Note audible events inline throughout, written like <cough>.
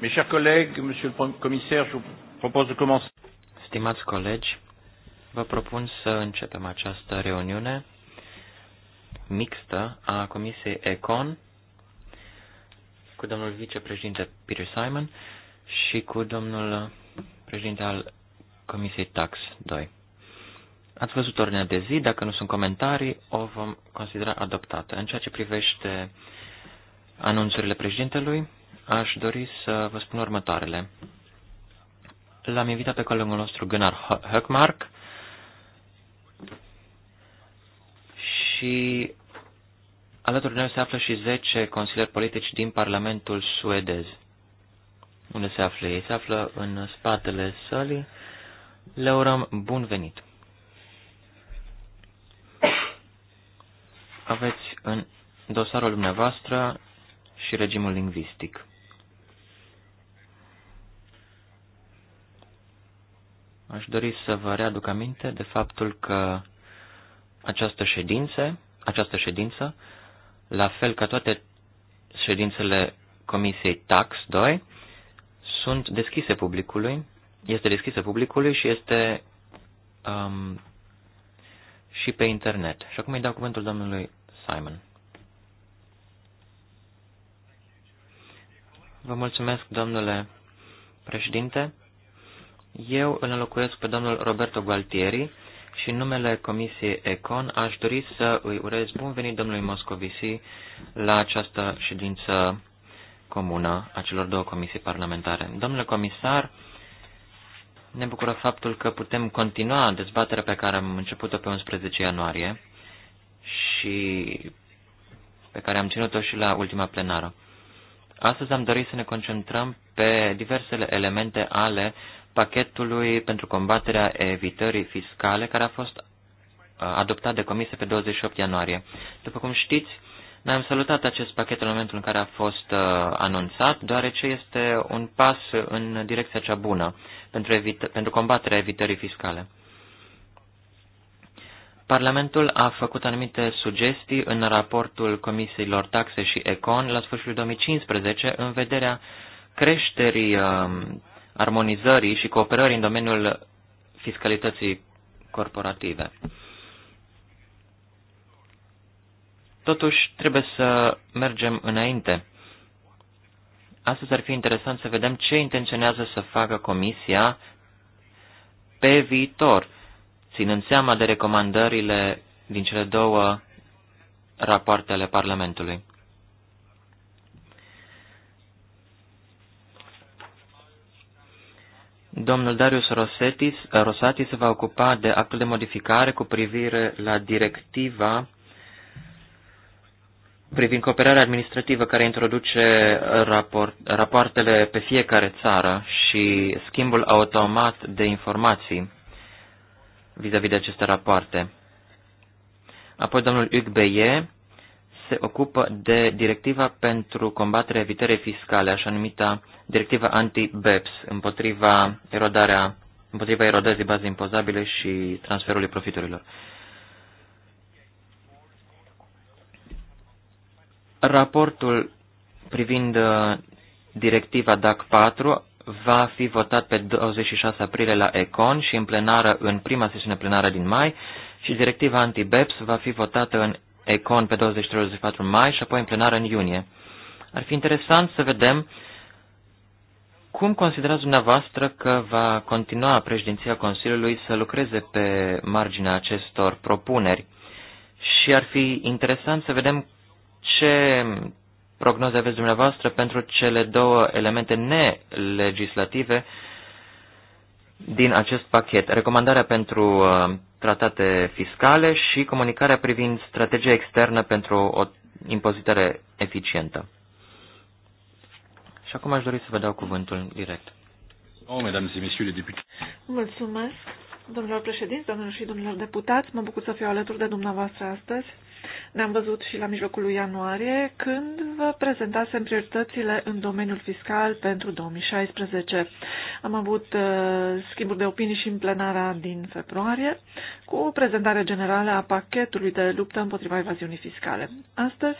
Mes chers collègues, monsieur le commissaire, je vous propose de commencer. Stimați colegi, vă propun să începem această reuniune mixtă a Comisiei ECON cu domnul vicepreședinte Peter Simon și cu domnul președinte al Comisiei Tax 2. Ați văzut ordinea de zi, dacă nu sunt comentarii, o vom considera adoptată. În ceea ce privește anunțurile președintelui, aș dori să vă spun următoarele. L-am invitat pe colegul nostru Gunnar Höckmark și alături de noi se află și 10 consilieri politici din Parlamentul suedez. Unde se află ei? Se află în spatele sălii. Le urăm bun venit! Aveți în dosarul dumneavoastră și regimul lingvistic. Aș dori să vă readuc aminte de faptul că această ședință, această ședință, la fel ca toate ședințele Comisiei Tax 2, sunt deschise publicului, este deschisă publicului și este um, și pe internet. Și acum îi dau cuvântul domnului Simon. Vă mulțumesc, domnule președinte. Eu îl înlocuiesc pe domnul Roberto Gualtieri și în numele Comisiei Econ aș dori să îi urez bun venit domnului Moscovici la această ședință comună a celor două comisii parlamentare. Domnule comisar, ne bucură faptul că putem continua dezbaterea pe care am început-o pe 11 ianuarie și pe care am ținut-o și la ultima plenară. Astăzi am dorit să ne concentrăm pe diversele elemente ale pachetului pentru combaterea evitării fiscale care a fost adoptat de comisie pe 28 ianuarie. După cum știți, noi am salutat acest pachet în momentul în care a fost anunțat, deoarece este un pas în direcția cea bună pentru, evit- pentru combaterea evitării fiscale. Parlamentul a făcut anumite sugestii în raportul Comisiilor Taxe și Econ la sfârșitul 2015 în vederea creșterii armonizării și cooperării în domeniul fiscalității corporative. Totuși, trebuie să mergem înainte. Astăzi ar fi interesant să vedem ce intenționează să facă Comisia pe viitor, ținând seama de recomandările din cele două rapoarte ale Parlamentului. Domnul Darius Rosetis, eh, Rosati se va ocupa de actul de modificare cu privire la directiva privind cooperarea administrativă care introduce raport, rapoartele pe fiecare țară și schimbul automat de informații vis-a-vis -vis de aceste rapoarte. Apoi domnul Hugues Beyer se ocupă de directiva pentru combaterea evitării fiscale, așa numită directiva anti-BEPS, împotriva, erodarea, împotriva erodării bazei impozabile și transferului profiturilor. Raportul privind uh, directiva DAC 4 va fi votat pe 26 aprilie la ECON și în plenară în prima sesiune plenară din mai și directiva anti-BEPS va fi votată în Econ pe 23-24 mai și apoi în plenară în iunie. Ar fi interesant să vedem cum considerați dumneavoastră că va continua președinția Consiliului să lucreze pe marginea acestor propuneri și ar fi interesant să vedem ce prognoze aveți dumneavoastră pentru cele două elemente nelegislative din acest pachet. Recomandarea pentru uh, tratate fiscale și comunicarea privind strategia externă pentru o impozitare eficientă. Și acum aș dori să vă dau cuvântul direct. Oh, Mulțumesc, domnilor președinți, domnilor și domnilor deputați. Mă bucur să fiu alături de dumneavoastră astăzi ne-am văzut și la mijlocul lui ianuarie, când vă prezentasem prioritățile în domeniul fiscal pentru 2016. Am avut uh, schimburi de opinii și în plenara din februarie, cu o prezentare generală a pachetului de luptă împotriva evaziunii fiscale. Astăzi,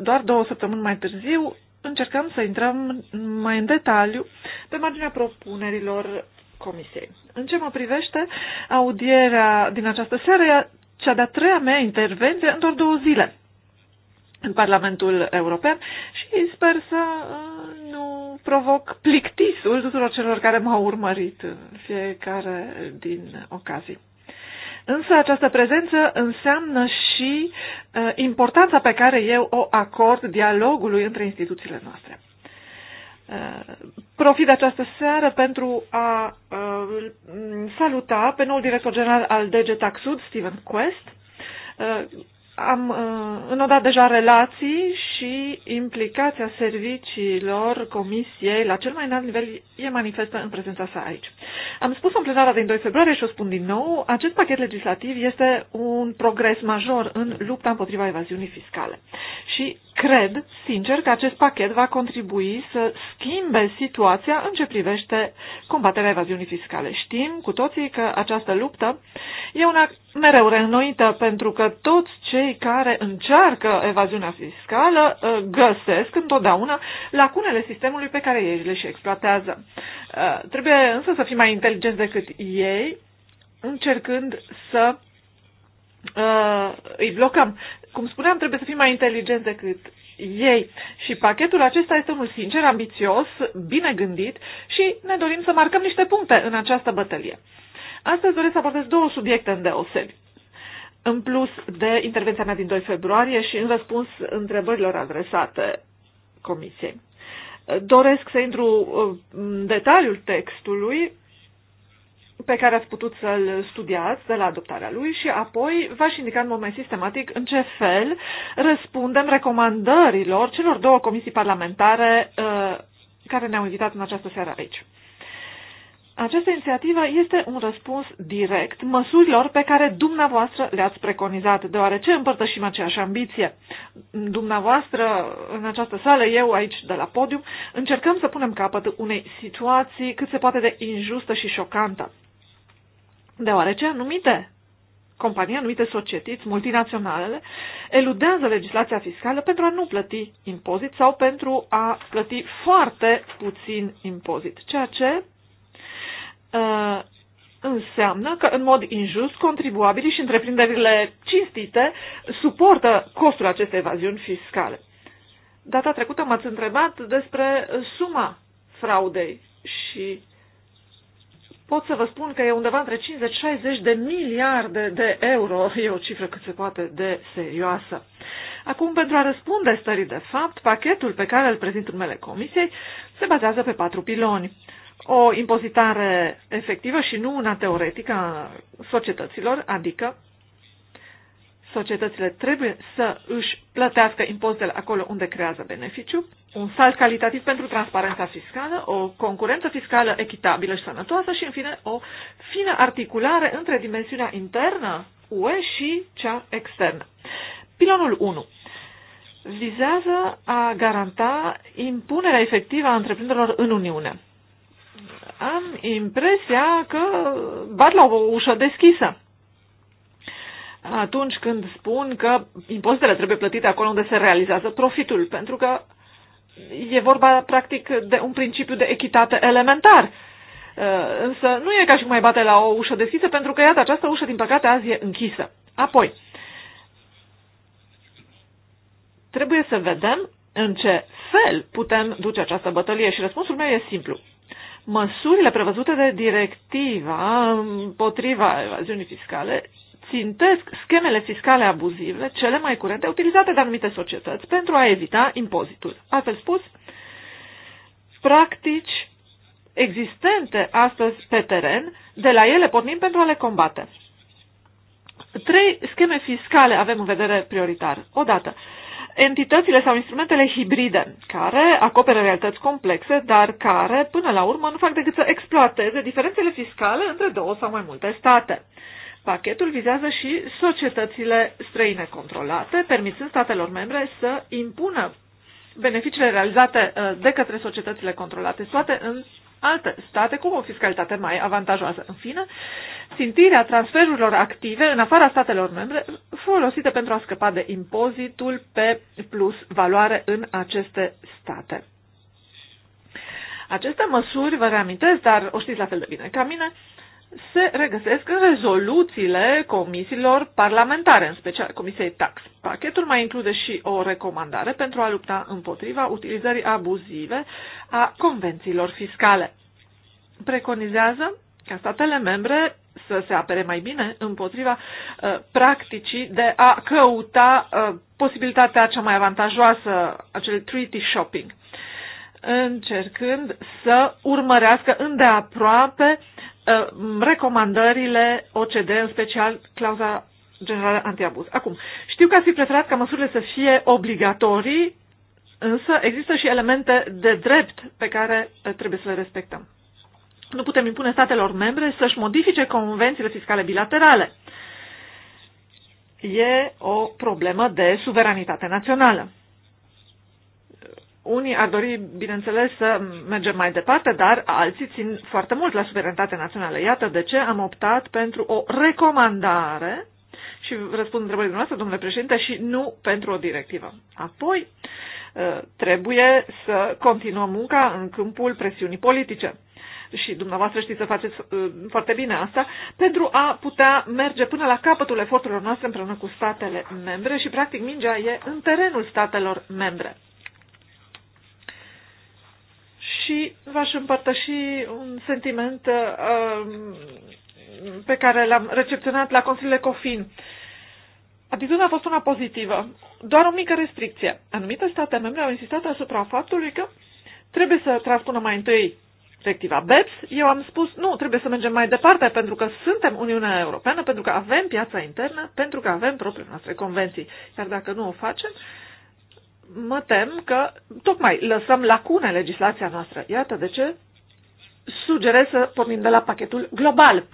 doar două săptămâni mai târziu, încercăm să intrăm mai în detaliu pe marginea propunerilor Comisiei. În ce mă privește, audierea din această seară cea de-a treia mea intervenție în doar două zile în Parlamentul European și sper să uh, nu provoc plictisul tuturor celor care m-au urmărit în fiecare din ocazii. Însă această prezență înseamnă și uh, importanța pe care eu o acord dialogului între instituțiile noastre profit de această seară pentru a uh, saluta pe noul director general al DG Taxud, Steven Quest, uh, am uh, înodat deja relații și implicația serviciilor comisiei la cel mai înalt nivel e manifestă în prezența sa aici. Am spus în plenara din 2 februarie și o spun din nou, acest pachet legislativ este un progres major în lupta împotriva evaziunii fiscale. Și cred, sincer, că acest pachet va contribui să schimbe situația în ce privește combaterea evaziunii fiscale. Știm cu toții că această luptă e una mereu reînnoită, pentru că toți cei care încearcă evaziunea fiscală uh, găsesc întotdeauna lacunele sistemului pe care ei le și exploatează. Uh, trebuie însă să fim mai inteligenți decât ei, încercând să uh, îi blocăm. Cum spuneam, trebuie să fim mai inteligenți decât ei. Și pachetul acesta este unul sincer, ambițios, bine gândit și ne dorim să marcăm niște puncte în această bătălie. Astăzi doresc să abordez două subiecte îndeosebi. În plus de intervenția mea din 2 februarie și în răspuns întrebărilor adresate Comisiei. Doresc să intru uh, în detaliul textului pe care ați putut să-l studiați de la adoptarea lui și apoi v-aș indica în mod mai sistematic în ce fel răspundem recomandărilor celor două comisii parlamentare uh, care ne-au invitat în această seară aici. Această inițiativă este un răspuns direct măsurilor pe care dumneavoastră le-ați preconizat, deoarece împărtășim aceeași ambiție. Dumneavoastră, în această sală, eu aici de la podium, încercăm să punem capăt unei situații cât se poate de injustă și șocantă. Deoarece anumite companii, anumite societăți multinaționale eludează legislația fiscală pentru a nu plăti impozit sau pentru a plăti foarte puțin impozit, ceea ce Uh, înseamnă că, în mod injust, contribuabilii și întreprinderile cinstite suportă costul acestei evaziuni fiscale. Data trecută m-ați întrebat despre suma fraudei și pot să vă spun că e undeva între 50-60 de miliarde de euro. E o cifră cât se poate de serioasă. Acum, pentru a răspunde stării de fapt, pachetul pe care îl prezint în numele Comisiei se bazează pe patru piloni o impozitare efectivă și nu una teoretică a societăților, adică societățile trebuie să își plătească impozitele acolo unde creează beneficiu, un salt calitativ pentru transparența fiscală, o concurență fiscală echitabilă și sănătoasă și, în fine, o fină articulare între dimensiunea internă UE și cea externă. Pilonul 1 vizează a garanta impunerea efectivă a întreprinderilor în Uniune am impresia că bat la o ușă deschisă. Atunci când spun că impozitele trebuie plătite acolo unde se realizează profitul, pentru că e vorba practic de un principiu de echitate elementar. Uh, însă nu e ca și cum mai bate la o ușă deschisă, pentru că, iată, această ușă, din păcate, azi e închisă. Apoi, trebuie să vedem în ce fel putem duce această bătălie și răspunsul meu e simplu măsurile prevăzute de directiva împotriva evaziunii fiscale țintesc schemele fiscale abuzive, cele mai curente, utilizate de anumite societăți pentru a evita impozitul. Altfel spus, practici existente astăzi pe teren, de la ele pornim pentru a le combate. Trei scheme fiscale avem în vedere prioritar. Odată, entitățile sau instrumentele hibride, care acoperă realități complexe, dar care, până la urmă, nu fac decât să exploateze diferențele fiscale între două sau mai multe state. Pachetul vizează și societățile străine controlate, permițând statelor membre să impună beneficiile realizate uh, de către societățile controlate toate în alte state cu o fiscalitate mai avantajoasă. În fine, țintirea transferurilor active în afara statelor membre folosite pentru a scăpa de impozitul pe plus valoare în aceste state. Aceste măsuri, vă reamintesc, dar o știți la fel de bine ca mine, se regăsesc în rezoluțiile comisiilor parlamentare, în special Comisiei Tax. Pachetul mai include și o recomandare pentru a lupta împotriva utilizării abuzive a convențiilor fiscale. Preconizează ca statele membre să se apere mai bine împotriva uh, practicii de a căuta uh, posibilitatea cea mai avantajoasă, acel treaty shopping, încercând să urmărească îndeaproape uh, Uh, recomandările OCD, în special clauza generală antiabuz. Acum, știu că ați fi preferat ca măsurile să fie obligatorii, însă există și elemente de drept pe care uh, trebuie să le respectăm. Nu putem impune statelor membre să-și modifice convențiile fiscale bilaterale. E o problemă de suveranitate națională. Unii ar dori, bineînțeles, să mergem mai departe, dar alții țin foarte mult la suverenitatea națională. Iată de ce am optat pentru o recomandare și răspund întrebării dumneavoastră, domnule președinte, și nu pentru o directivă. Apoi, ă, trebuie să continuăm munca în câmpul presiunii politice. Și dumneavoastră știți să faceți ă, foarte bine asta, pentru a putea merge până la capătul eforturilor noastre împreună cu statele membre și, practic, mingea e în terenul statelor membre și v-aș împărtăși un sentiment uh, pe care l-am recepționat la Consiliul COFIN. Atitudinea a fost una pozitivă, doar o mică restricție. Anumite state membre au insistat asupra faptului că trebuie să transpună mai întâi directiva BEPS. Eu am spus, nu, trebuie să mergem mai departe pentru că suntem Uniunea Europeană, pentru că avem piața internă, pentru că avem propriile noastre convenții. Iar dacă nu o facem, uh, mă tem că tocmai lăsăm lacune legislația noastră. Iată de ce sugerez să pornim de la pachetul global.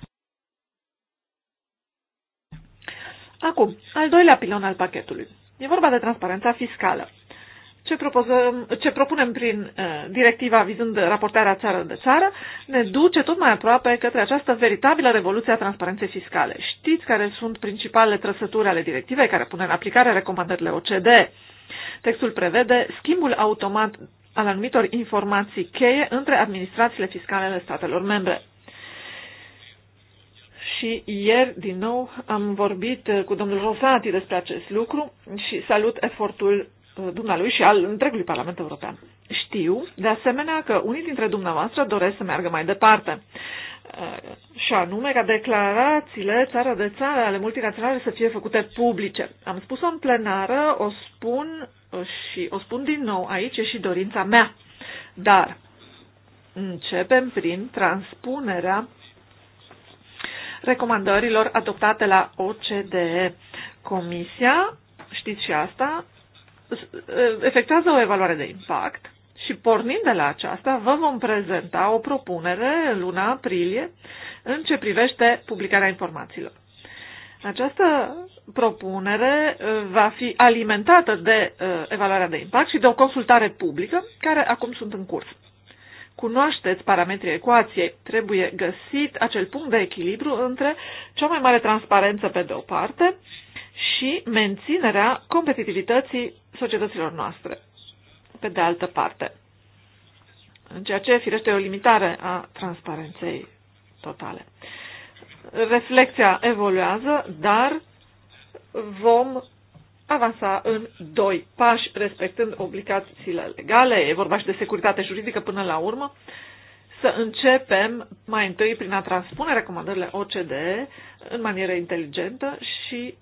Acum, al doilea pilon al pachetului. E vorba de transparența fiscală. Ce, propozăm, ce propunem prin uh, directiva vizând raportarea țară de țară ne duce tot mai aproape către această veritabilă revoluție a transparenței fiscale. Știți care sunt principalele trăsături ale directivei care pune în aplicare recomandările OCDE? Textul prevede schimbul automat al anumitor informații cheie între administrațiile fiscale ale statelor membre. Și ieri, din nou, am vorbit uh, cu domnul Rosati despre acest lucru și salut efortul uh, dumnealui și al întregului Parlament European. Știu, de asemenea, că unii dintre dumneavoastră doresc să meargă mai departe. Uh, și anume ca declarațiile țară de țară ale multinaționale să fie făcute publice. Am spus-o în plenară, o spun uh, și o spun din nou, aici e și dorința mea. Dar începem prin transpunerea recomandărilor adoptate la OCDE. Comisia, știți și asta, uh, efectuează o evaluare de impact și pornind de la aceasta, vă vom prezenta o propunere în luna aprilie în ce privește publicarea informațiilor. Această propunere uh, va fi alimentată de uh, evaluarea de impact și de o consultare publică, care acum sunt în curs. Cunoașteți parametrii ecuației. Trebuie găsit acel punct de echilibru între cea mai mare transparență pe de o parte și menținerea competitivității societăților noastre pe de altă parte. În ceea ce, firește, o limitare a transparenței totale. Reflexia evoluează, dar vom avansa în doi pași, respectând obligațiile legale, e vorba și de securitate juridică până la urmă, să începem mai întâi prin a transpune recomandările OCDE în manieră inteligentă și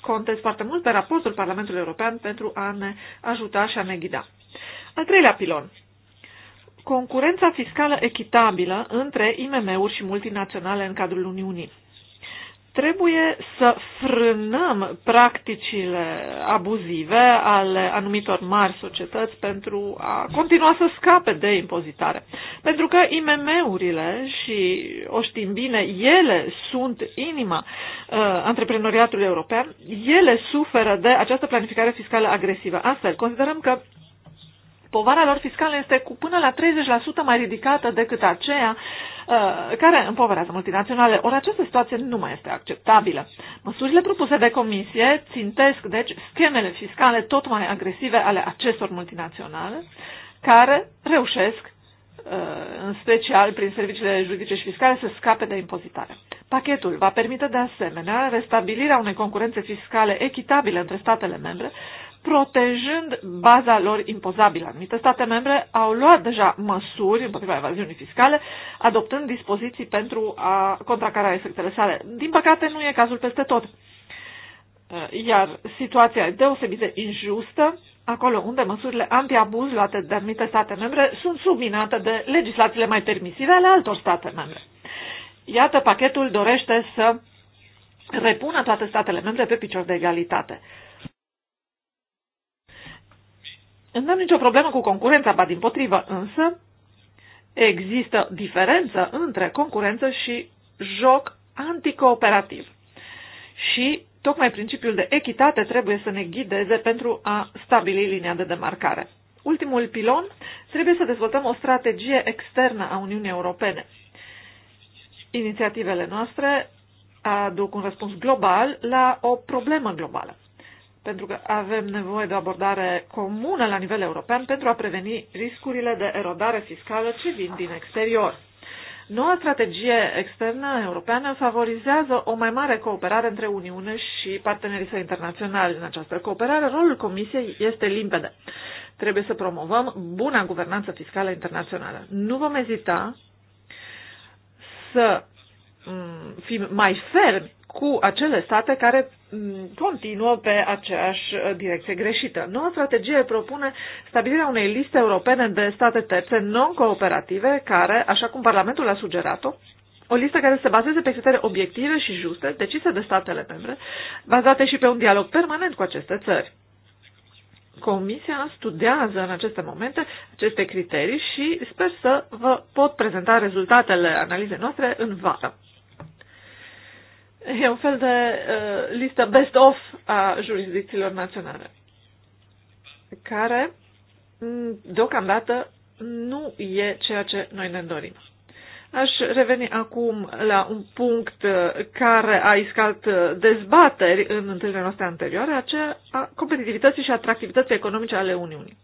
contez foarte mult pe raportul Parlamentului European pentru a ne ajuta și a ne ghida. Al treilea pilon. Concurența fiscală echitabilă între IMM-uri și multinaționale în cadrul Uniunii. Trebuie să frânăm practicile abuzive ale anumitor mari societăți pentru a continua să scape de impozitare. Pentru că IMM-urile și, o știm bine, ele sunt inima uh, antreprenoriatului european, ele suferă de această planificare fiscală agresivă. Astfel, considerăm că povara lor fiscală este cu până la 30% mai ridicată decât aceea uh, care împovărează multinaționale. Ori această situație nu mai este acceptabilă. Măsurile propuse de comisie țintesc, deci, schemele fiscale tot mai agresive ale acestor multinaționale, care reușesc uh, în special prin serviciile juridice și fiscale, să scape de impozitare. Pachetul va permite de asemenea restabilirea unei concurențe fiscale echitabile între statele membre protejând baza lor impozabilă. Anumite state membre au luat deja măsuri împotriva evaziunii fiscale, adoptând dispoziții pentru a contracara efectele sale. Din păcate, nu e cazul peste tot. Eh, iar situația e deosebit de injustă, acolo unde măsurile antiabuz luate de anumite state membre sunt subminate de legislațiile mai permisive ale altor state membre. Iată, pachetul dorește să repună toate statele membre pe picior de egalitate. N-am nicio problemă cu concurența, ba din potrivă, însă există diferență între concurență și joc anticooperativ. Și tocmai principiul de echitate trebuie să ne ghideze pentru a stabili linia de demarcare. Ultimul pilon, trebuie să dezvoltăm o strategie externă a Uniunii Europene. Inițiativele noastre aduc un răspuns global la o problemă globală pentru că avem nevoie de o abordare comună la nivel european pentru a preveni riscurile de erodare fiscală ce vin din exterior. Noua strategie externă europeană favorizează o mai mare cooperare între Uniune și partenerii săi internaționali. În această cooperare, rolul Comisiei este limpede. Trebuie să promovăm buna guvernanță fiscală internațională. Nu vom ezita să mm, fim mai fermi cu acele state care Mm, continuă pe aceeași uh, direcție greșită. Noua strategie propune stabilirea unei liste europene de state terțe non-cooperative care, așa cum Parlamentul a sugerat-o, o listă care se bazeze pe criterii obiective și juste, decise de statele membre, bazate și pe un dialog permanent cu aceste țări. Comisia studiază în aceste momente aceste criterii și sper să vă pot prezenta rezultatele analizei noastre în vară. E un fel de uh, listă best-of a jurisdicțiilor naționale, care deocamdată nu e ceea ce noi ne dorim. Aș reveni acum la un punct care a iscat dezbateri în întâlnirile noastre anterioare, aceea a competitivității și atractivității economice ale Uniunii.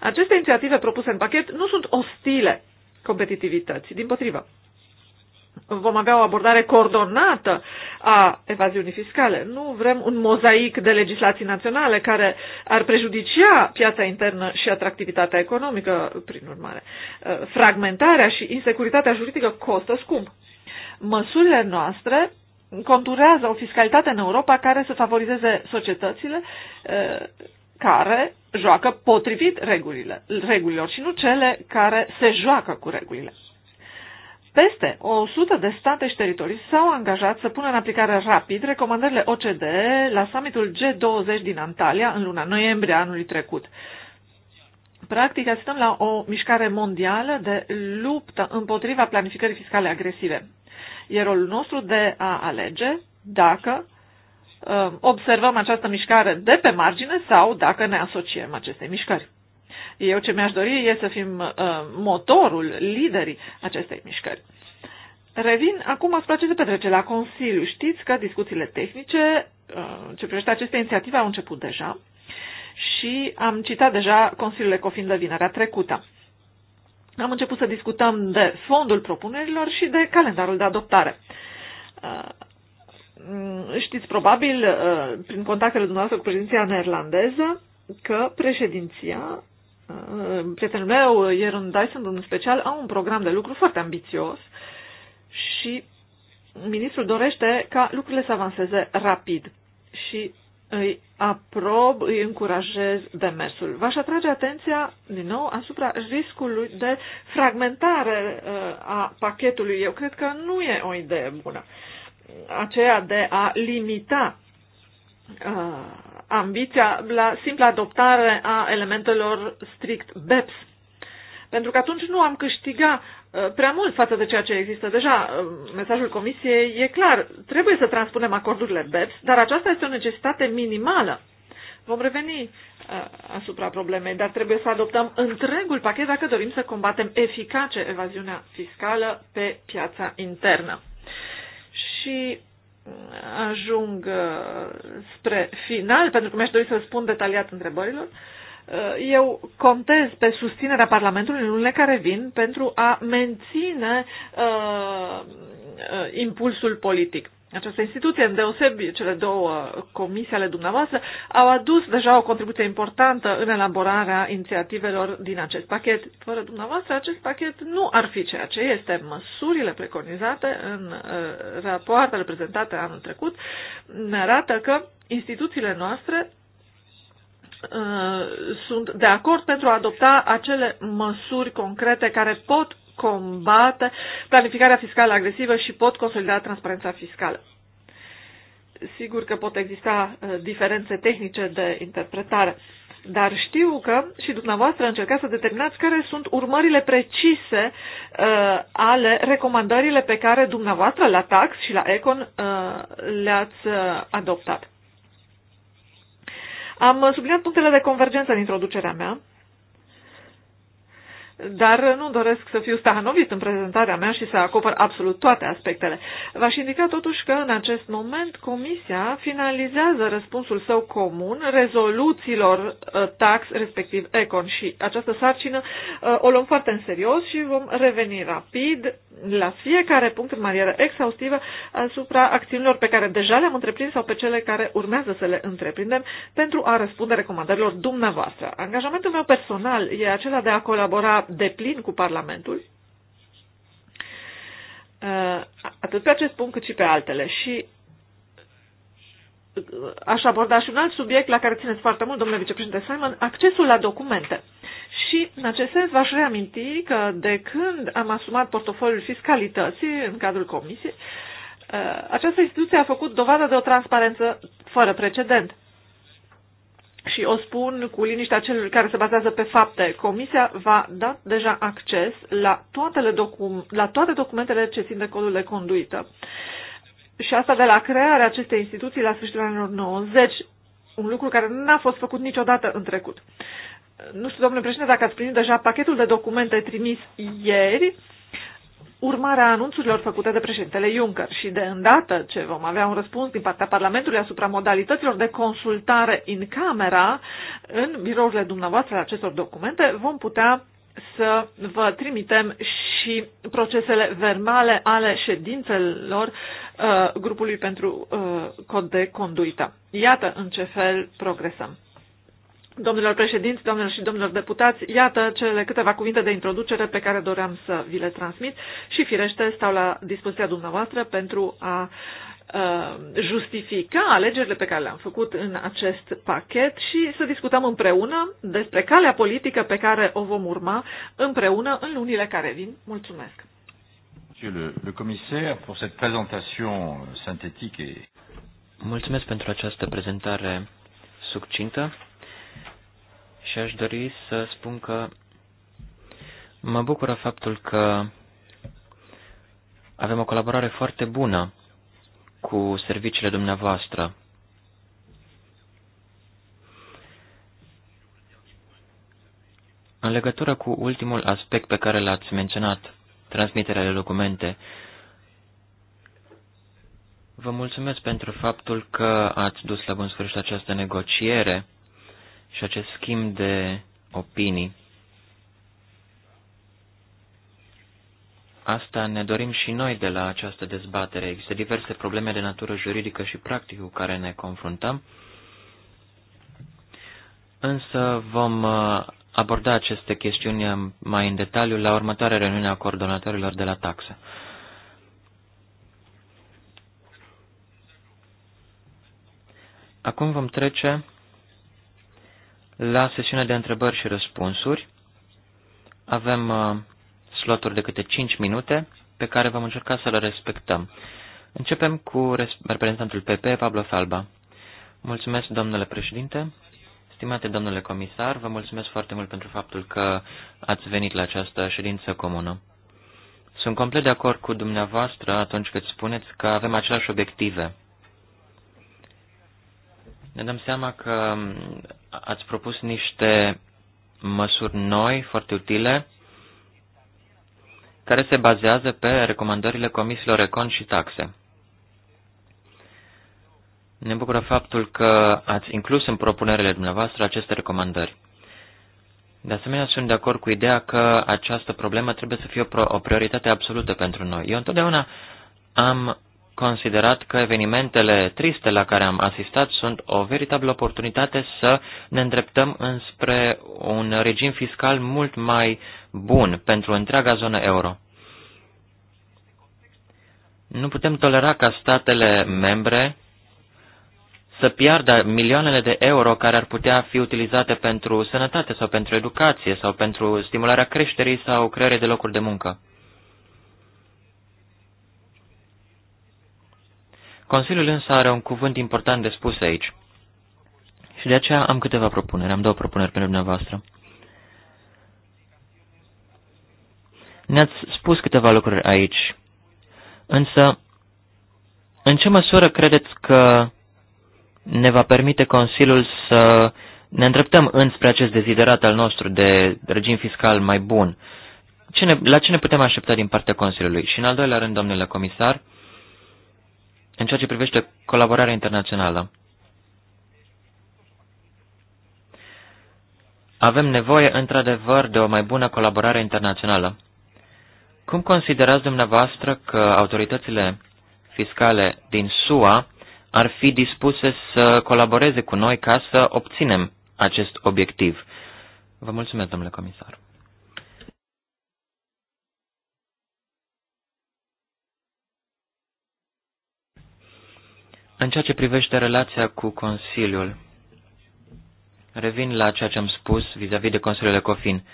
Aceste inițiative propuse în pachet nu sunt ostile competitivității, din potrivă vom avea o abordare coordonată a evaziunii fiscale. Nu vrem un mozaic de legislații naționale care ar prejudicia piața internă și atractivitatea economică, prin urmare. Uh, fragmentarea și insecuritatea juridică costă scump. Măsurile noastre conturează o fiscalitate în Europa care să favorizeze societățile uh, care joacă potrivit regulile, regulilor și nu cele care se joacă cu regulile. Peste 100 de state și teritorii s-au angajat să pună în aplicare rapid recomandările OCDE la summitul G20 din Antalya în luna noiembrie anului trecut. Practic, asistăm la o mișcare mondială de luptă împotriva planificării fiscale agresive. E rolul nostru de a alege dacă um, observăm această mișcare de pe margine sau dacă ne asociem acestei mișcări. Eu ce mi-aș dori e să fim uh, motorul, liderii acestei mișcări. Revin acum asupra ce se petrece la Consiliu. Știți că discuțiile tehnice uh, ce privește aceste inițiative au început deja și am citat deja Consiliul Ecofin de vinerea trecută. Am început să discutăm de fondul propunerilor și de calendarul de adoptare. Uh, știți probabil, prin contactele dumneavoastră cu președinția neerlandeză, că președinția Uh, prietenul meu, Ieron Dyson, în special, au un program de lucru foarte ambițios și ministrul dorește ca lucrurile să avanseze rapid și îi aprob, îi încurajez demersul. V-aș atrage atenția din nou asupra riscului de fragmentare uh, a pachetului. Eu cred că nu e o idee bună aceea de a limita Uh, ambiția la simpla adoptare a elementelor strict BEPS. Pentru că atunci nu am câștigat uh, prea mult față de ceea ce există deja. Uh, mesajul Comisiei e clar. Trebuie să transpunem acordurile BEPS, dar aceasta este o necesitate minimală. Vom reveni asupra problemei, dar trebuie să adoptăm întregul pachet dacă dorim să combatem eficace evaziunea fiscală pe piața internă. Și ajung uh, spre final, pentru că mi-aș dori să răspund detaliat întrebărilor, uh, eu contez pe susținerea Parlamentului în lunile care vin pentru a menține uh, uh impulsul politic această instituție, îndeosebi cele două comisii ale dumneavoastră, au adus deja o contribuție importantă în elaborarea inițiativelor din acest pachet. Fără dumneavoastră, acest pachet nu ar fi ceea ce este. Măsurile preconizate în uh, rapoartele prezentate anul trecut ne arată că instituțiile noastre uh, sunt de acord pentru a adopta acele măsuri concrete care pot combate planificarea fiscală agresivă și pot consolida transparența fiscală. Sigur că pot exista uh, diferențe tehnice de interpretare, dar știu că și dumneavoastră încercați să determinați care sunt urmările precise uh, ale recomandările pe care dumneavoastră la tax și la econ uh, le-ați uh, adoptat. Am subliniat punctele de convergență în introducerea mea dar nu doresc să fiu stahanovit în prezentarea mea și să acopăr absolut toate aspectele. V-aș indica totuși că în acest moment Comisia finalizează răspunsul său comun rezoluțiilor uh, tax, respectiv ECON și această sarcină uh, o luăm foarte în serios și vom reveni rapid la fiecare punct în manieră exhaustivă asupra acțiunilor pe care deja le-am întreprins sau pe cele care urmează să le întreprindem pentru a răspunde recomandărilor dumneavoastră. Angajamentul meu personal e acela de a colabora deplin cu Parlamentul, uh, atât pe acest punct cât și pe altele. Și uh, aș aborda și un alt subiect la care țineți foarte mult, domnule vicepreședinte Simon, accesul la documente. Și, în acest sens, v-aș reaminti că de când am asumat portofoliul fiscalității în cadrul comisiei, uh, această instituție a făcut dovadă de o transparență fără precedent și o spun cu liniștea celor care se bazează pe fapte. Comisia va da deja acces la, toatele docum- la toate documentele ce țin de codul de conduită. Și asta de la crearea acestei instituții la sfârșitul anilor 90, un lucru care n-a fost făcut niciodată în trecut. Nu știu, domnule președinte, dacă ați primit deja pachetul de documente trimis ieri, uh, urmare a anunțurilor făcute de președintele Juncker și de îndată ce vom avea un răspuns din partea Parlamentului asupra modalităților de consultare în camera, în birourile dumneavoastră la acestor documente, vom putea să vă trimitem și procesele verbale ale ședințelor uh, grupului pentru uh, cod de conduită. Iată în ce fel progresăm. Domnilor președinți, domnilor și domnilor deputați, iată cele câteva cuvinte de introducere pe care doream să vi le transmit și, firește, stau la dispoziția dumneavoastră pentru a uh, justifica alegerile pe care le-am făcut în acest pachet și să discutăm împreună despre calea politică pe care o vom urma împreună în lunile care vin. Mulțumesc! Euh, Mulțumesc pentru această prezentare succintă și aș dori să spun că mă bucură faptul că avem o colaborare foarte bună cu serviciile dumneavoastră. În legătură cu ultimul aspect pe care l-ați menționat, transmiterea de documente, vă mulțumesc pentru faptul că ați dus la bun sfârșit această negociere și acest schimb de opinii. Asta ne dorim și noi de la această dezbatere. Există diverse probleme de natură juridică și practică cu care ne confruntăm, însă vom uh, aborda aceste chestiuni mai în detaliu la următoarea reuniune a coordonatorilor de la taxă. Acum vom trece la sesiunea de întrebări și răspunsuri avem uh, sloturi de câte 5 minute pe care vom încerca să le respectăm. Începem cu reprezentantul PP, Pablo Salba. Mulțumesc, domnule președinte. Stimate domnule comisar, vă mulțumesc foarte mult pentru faptul că ați venit la această ședință comună. Sunt complet de acord cu dumneavoastră atunci când spuneți că avem aceleași obiective. Ne dăm seama că ați propus niște măsuri noi, foarte utile, care se bazează pe recomandările comisiilor recon și taxe. Ne bucură faptul că ați inclus în propunerile dumneavoastră aceste recomandări. De asemenea, sunt de acord cu ideea că această problemă trebuie să fie o prioritate absolută pentru noi. Eu întotdeauna am considerat că evenimentele triste la care am asistat sunt o veritabilă oportunitate să ne îndreptăm înspre un regim fiscal mult mai bun pentru întreaga zonă euro. Nu putem tolera ca statele membre să piardă milioanele de euro care ar putea fi utilizate pentru sănătate sau pentru educație sau pentru stimularea creșterii sau crearea de locuri de muncă. Consiliul însă are un cuvânt important de spus aici. Și de aceea am câteva propuneri, am două propuneri pentru dumneavoastră. Ne-ați spus câteva lucruri aici, însă în ce măsură credeți că ne va permite Consiliul să ne îndreptăm înspre acest deziderat al nostru de regim fiscal mai bun? Ce ne, la ce ne putem aștepta din partea Consiliului? Și în al doilea rând, domnule comisar, uh, în ceea ce privește colaborarea internațională. Avem nevoie, într-adevăr, de o mai bună colaborare internațională. Cum considerați dumneavoastră că autoritățile fiscale din SUA ar fi dispuse să colaboreze cu noi ca să obținem acest obiectiv? Vă mulțumesc, domnule comisar. În ceea ce privește relația cu Consiliul, revin la ceea ce am spus vis-a-vis -vis de Consiliul Ecofin.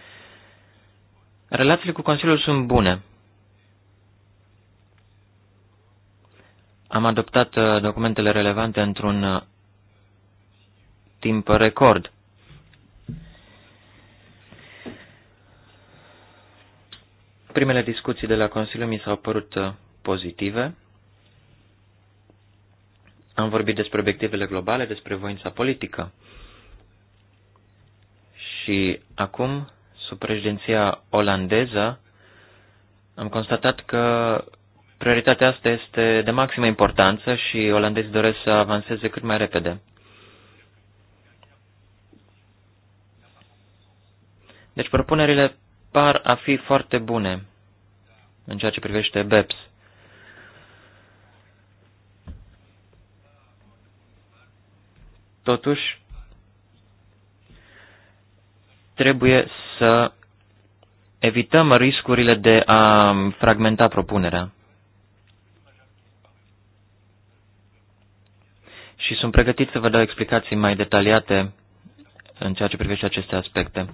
Relațiile cu Consiliul sunt bune. Am adoptat uh, documentele relevante într-un uh, timp record. Primele discuții de la Consiliu mi s-au părut uh, pozitive. Am vorbit despre obiectivele globale, despre voința politică. Și acum, sub președinția olandeză, am constatat că prioritatea asta este de maximă importanță și olandezii doresc să avanseze cât mai repede. Deci propunerile par a fi foarte bune în ceea ce privește BEPS. Totuși, trebuie să evităm riscurile de a fragmenta propunerea. Și sunt pregătit să vă dau explicații mai detaliate în ceea ce privește aceste aspecte.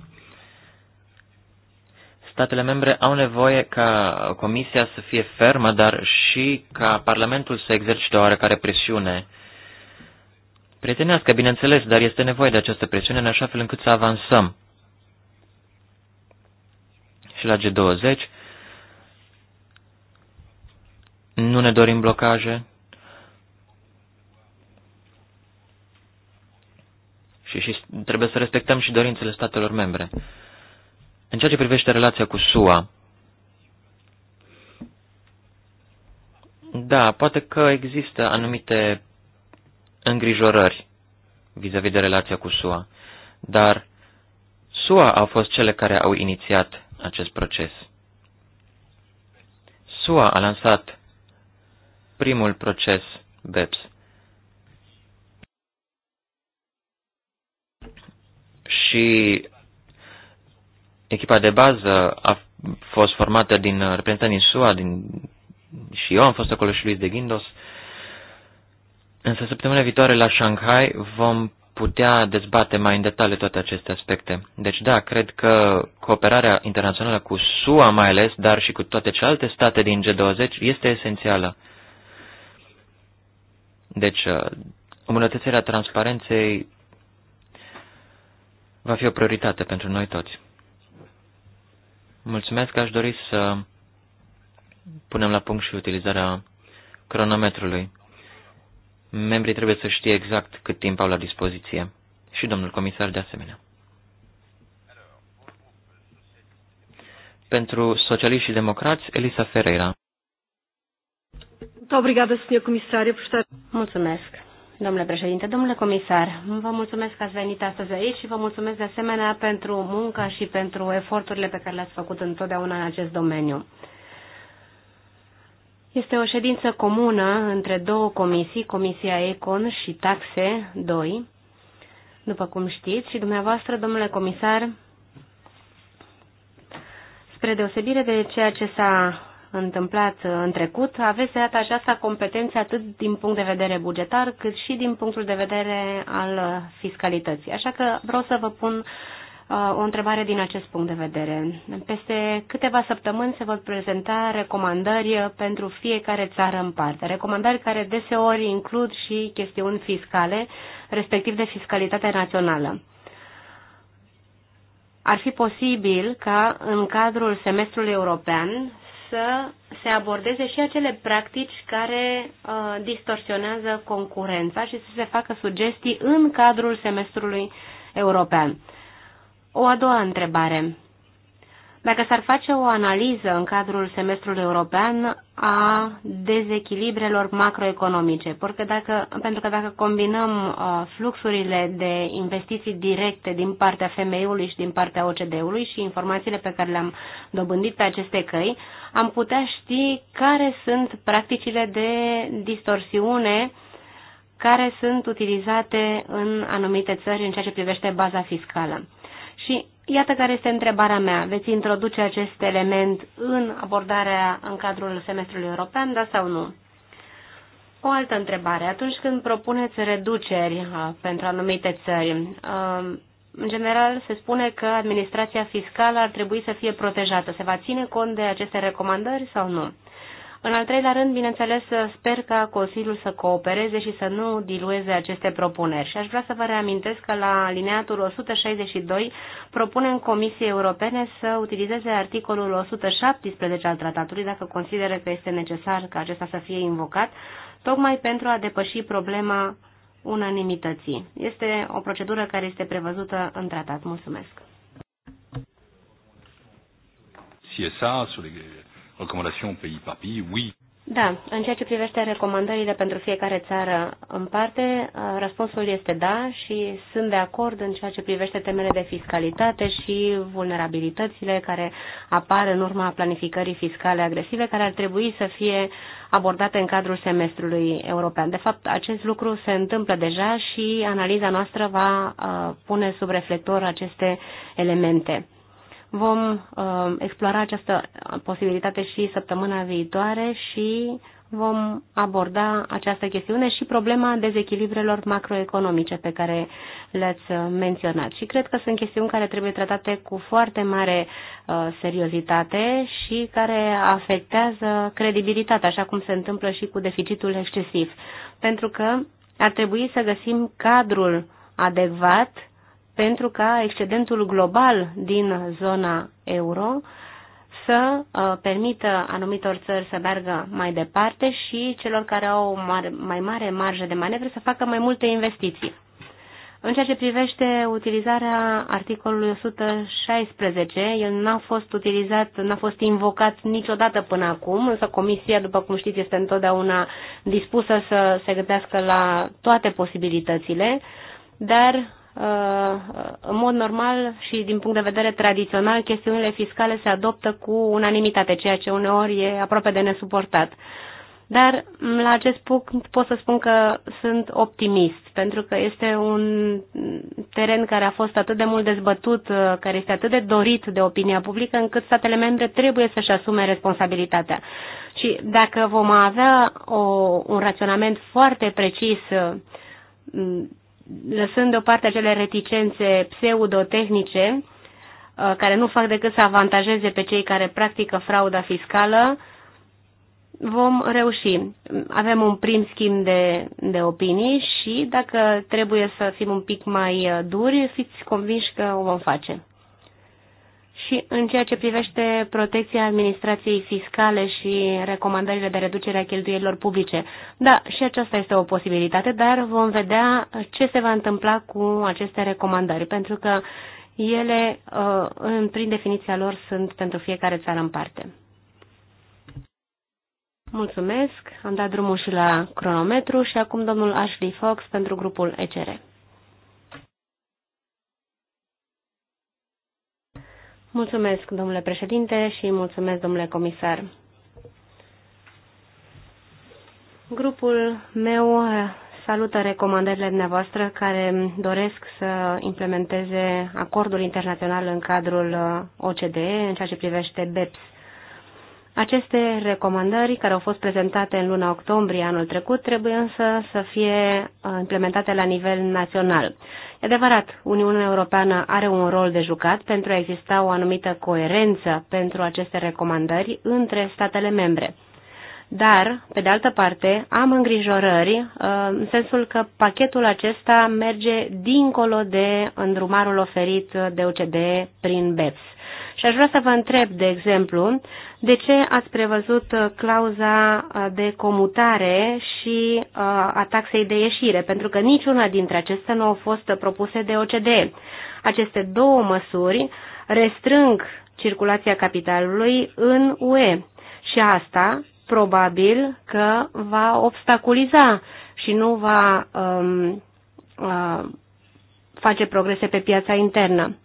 Statele membre au nevoie ca Comisia să fie fermă, dar și ca Parlamentul să exercite oarecare presiune prietenească, bineînțeles, dar este nevoie de această presiune în așa fel încât să avansăm. Și la G20 nu ne dorim blocaje. Și, și trebuie să respectăm și dorințele statelor membre. În ceea ce privește relația cu SUA, da, poate că există anumite îngrijorări vis-a-vis -vis de relația cu SUA, dar SUA au fost cele care au inițiat acest proces. SUA a lansat primul proces BEPS. Și echipa de bază a fost formată din reprezentanți SUA din, și eu am fost acolo și lui de Gindos. Uh, Însă săptămâna viitoare la Shanghai vom putea dezbate mai în detaliu toate aceste aspecte. Deci da, cred că cooperarea internațională cu SUA mai ales, dar și cu toate celelalte state din G20 este esențială. Deci, uh, îmbunătățirea transparenței va fi o prioritate pentru noi toți. Mulțumesc, aș dori să punem la punct și utilizarea cronometrului. Membrii trebuie să știe exact cât timp au la dispoziție și domnul comisar de asemenea. Pentru socialiști și democrați, Elisa Ferreira. Mulțumesc, domnule președinte. Domnule comisar, vă mulțumesc că ați venit astăzi aici și vă mulțumesc de asemenea pentru munca și pentru eforturile pe care le-ați făcut întotdeauna în acest domeniu. Este o ședință comună între două comisii, Comisia Econ și Taxe 2, după cum știți, și dumneavoastră, domnule comisar, spre deosebire de ceea ce s-a întâmplat în trecut, aveți de data aceasta competențe atât din punct de vedere bugetar, cât și din punctul de vedere al fiscalității. Așa că vreau să vă pun Uh, o întrebare din acest punct de vedere. Peste câteva săptămâni se vor prezenta recomandări pentru fiecare țară în parte, recomandări care deseori includ și chestiuni fiscale, respectiv de fiscalitate națională. Ar fi posibil ca în cadrul semestrului european să se abordeze și acele practici care uh, distorsionează concurența și să se facă sugestii în cadrul semestrului european. O a doua întrebare. Dacă s-ar face o analiză în cadrul semestrului european a dezechilibrelor macroeconomice, pentru că dacă, pentru că dacă combinăm uh, fluxurile de investiții directe din partea FMI-ului și din partea OCD-ului și informațiile pe care le-am dobândit pe aceste căi, am putea ști care sunt practicile de distorsiune care sunt utilizate în anumite țări în ceea ce privește baza fiscală. Și iată care este întrebarea mea. Veți introduce acest element în abordarea în cadrul semestrului european, da sau nu? O altă întrebare. Atunci când propuneți reduceri uh, pentru anumite țări, um, în general se spune că administrația fiscală ar trebui să fie protejată. Se va ține cont de aceste recomandări sau nu? În al treilea rând, bineînțeles, sper ca Consiliul să coopereze și să nu dilueze aceste propuneri. Și aș vrea să vă reamintesc că la alineatul 162 propunem Comisiei Europene să utilizeze articolul 117 al tratatului, dacă consideră că este necesar ca acesta să fie invocat, tocmai pentru a depăși problema unanimității. Este o procedură care este prevăzută în tratat. Mulțumesc. CSA, sulle recomandation pays par pays, oui. Da, în ceea ce privește recomandările pentru fiecare țară în parte, uh, răspunsul este da și sunt de acord în ceea ce privește temele de fiscalitate și vulnerabilitățile care apar în urma planificării fiscale agresive, care ar trebui să fie abordate în cadrul semestrului european. De fapt, acest lucru se întâmplă deja și analiza noastră va uh, pune sub reflector aceste elemente. Vom uh, explora această posibilitate și săptămâna viitoare și vom aborda această chestiune și problema dezechilibrelor macroeconomice pe care le-ați uh, menționat. Și cred că sunt chestiuni care trebuie tratate cu foarte mare uh, seriozitate și care afectează credibilitatea, așa cum se întâmplă și cu deficitul excesiv. Pentru că ar trebui să găsim cadrul adecvat pentru ca excedentul global din zona euro să uh, permită anumitor țări să meargă mai departe și celor care au mai mare marjă de manevră să facă mai multe investiții. În ceea ce privește utilizarea articolului 116, el n-a fost utilizat, n-a fost invocat niciodată până acum, însă Comisia, după cum știți, este întotdeauna dispusă să se gândească la toate posibilitățile, dar Uh, în mod normal și din punct de vedere tradițional, chestiunile fiscale se adoptă cu unanimitate, ceea ce uneori e aproape de nesuportat. Dar la acest punct pot să spun că sunt optimist, pentru că este un teren care a fost atât de mult dezbătut, uh, care este atât de dorit de opinia publică, încât statele membre trebuie să-și asume responsabilitatea. Și dacă vom avea o, un raționament foarte precis uh, lăsând deoparte acele reticențe pseudotehnice uh, care nu fac decât să avantajeze pe cei care practică frauda fiscală, vom reuși. Avem un prim schimb de, de opinii și dacă trebuie să fim un pic mai duri, fiți convinși că o vom face. Și în ceea ce privește protecția administrației fiscale și recomandările de reducere a cheltuielilor publice, da, și aceasta este o posibilitate, dar vom vedea ce se va întâmpla cu aceste recomandări, pentru că ele, uh, în prin definiția lor, sunt pentru fiecare țară în parte. Mulțumesc, am dat drumul și la cronometru și acum domnul Ashley Fox pentru grupul ECR. Mulțumesc, domnule președinte, și mulțumesc, domnule comisar. Grupul meu salută recomandările dumneavoastră care doresc să implementeze acordul internațional în cadrul uh, OCDE în ceea ce privește BEPS. Aceste recomandări, care au fost prezentate în luna octombrie anul trecut, trebuie însă să fie uh, implementate la nivel național. E adevărat, Uniunea Europeană are un rol de jucat pentru a exista o anumită coerență pentru aceste recomandări între statele membre. Dar, pe de altă parte, am îngrijorări uh, în sensul că pachetul acesta merge dincolo de îndrumarul oferit de OCDE prin BEPS. Și aș vrea să vă întreb, de exemplu, de ce ați prevăzut uh, clauza uh, de comutare și uh, a taxei de ieșire? Pentru că niciuna dintre acestea nu au fost propuse de OCDE. Aceste două măsuri restrâng circulația capitalului în UE și asta probabil că va obstaculiza și nu va um, uh, face progrese pe piața internă.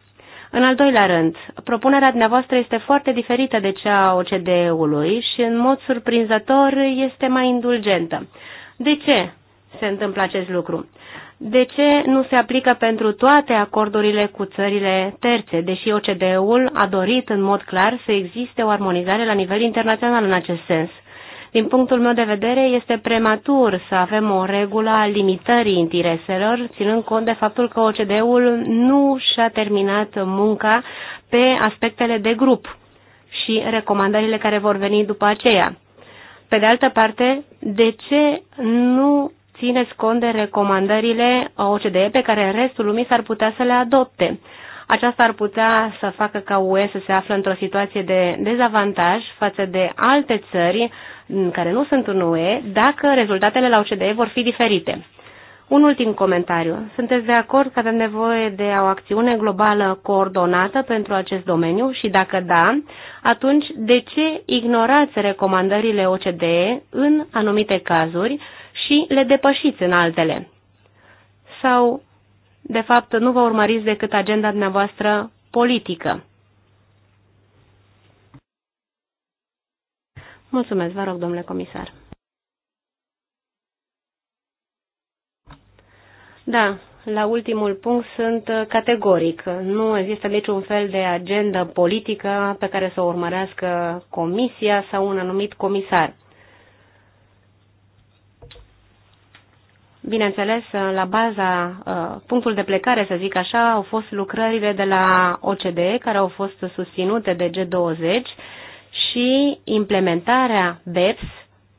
În al doilea rând, propunerea dumneavoastră este foarte diferită de cea a OCDE-ului și, în mod surprinzător, este mai indulgentă. De ce se întâmplă acest lucru? De ce nu se aplică pentru toate acordurile cu țările terțe, deși OCDE-ul a dorit în mod clar să existe o armonizare la nivel internațional în acest sens? Din punctul meu de vedere, este prematur să avem o regulă a limitării intereselor, ținând cont de faptul că OCD-ul nu și-a terminat munca pe aspectele de grup și recomandările care vor veni după aceea. Pe de altă parte, de ce nu țineți cont de recomandările OCDE pe care restul lumii s-ar putea să le adopte? Aceasta ar putea să facă ca UE să se află într-o situație de dezavantaj față de alte țări care nu sunt în UE dacă rezultatele la OCDE vor fi diferite. Un ultim comentariu. Sunteți de acord că avem nevoie de o acțiune globală coordonată pentru acest domeniu și dacă da, atunci de ce ignorați recomandările OCDE în anumite cazuri și le depășiți în altele? Sau de fapt, nu vă urmăriți decât agenda dumneavoastră politică. Mulțumesc, vă rog, domnule comisar. Da, la ultimul punct sunt categoric. Nu există niciun fel de agendă politică pe care să o urmărească comisia sau un anumit comisar. Bineînțeles, la baza, uh, punctul de plecare, să zic așa, au fost lucrările de la OCDE, care au fost susținute de G20 și implementarea BEPS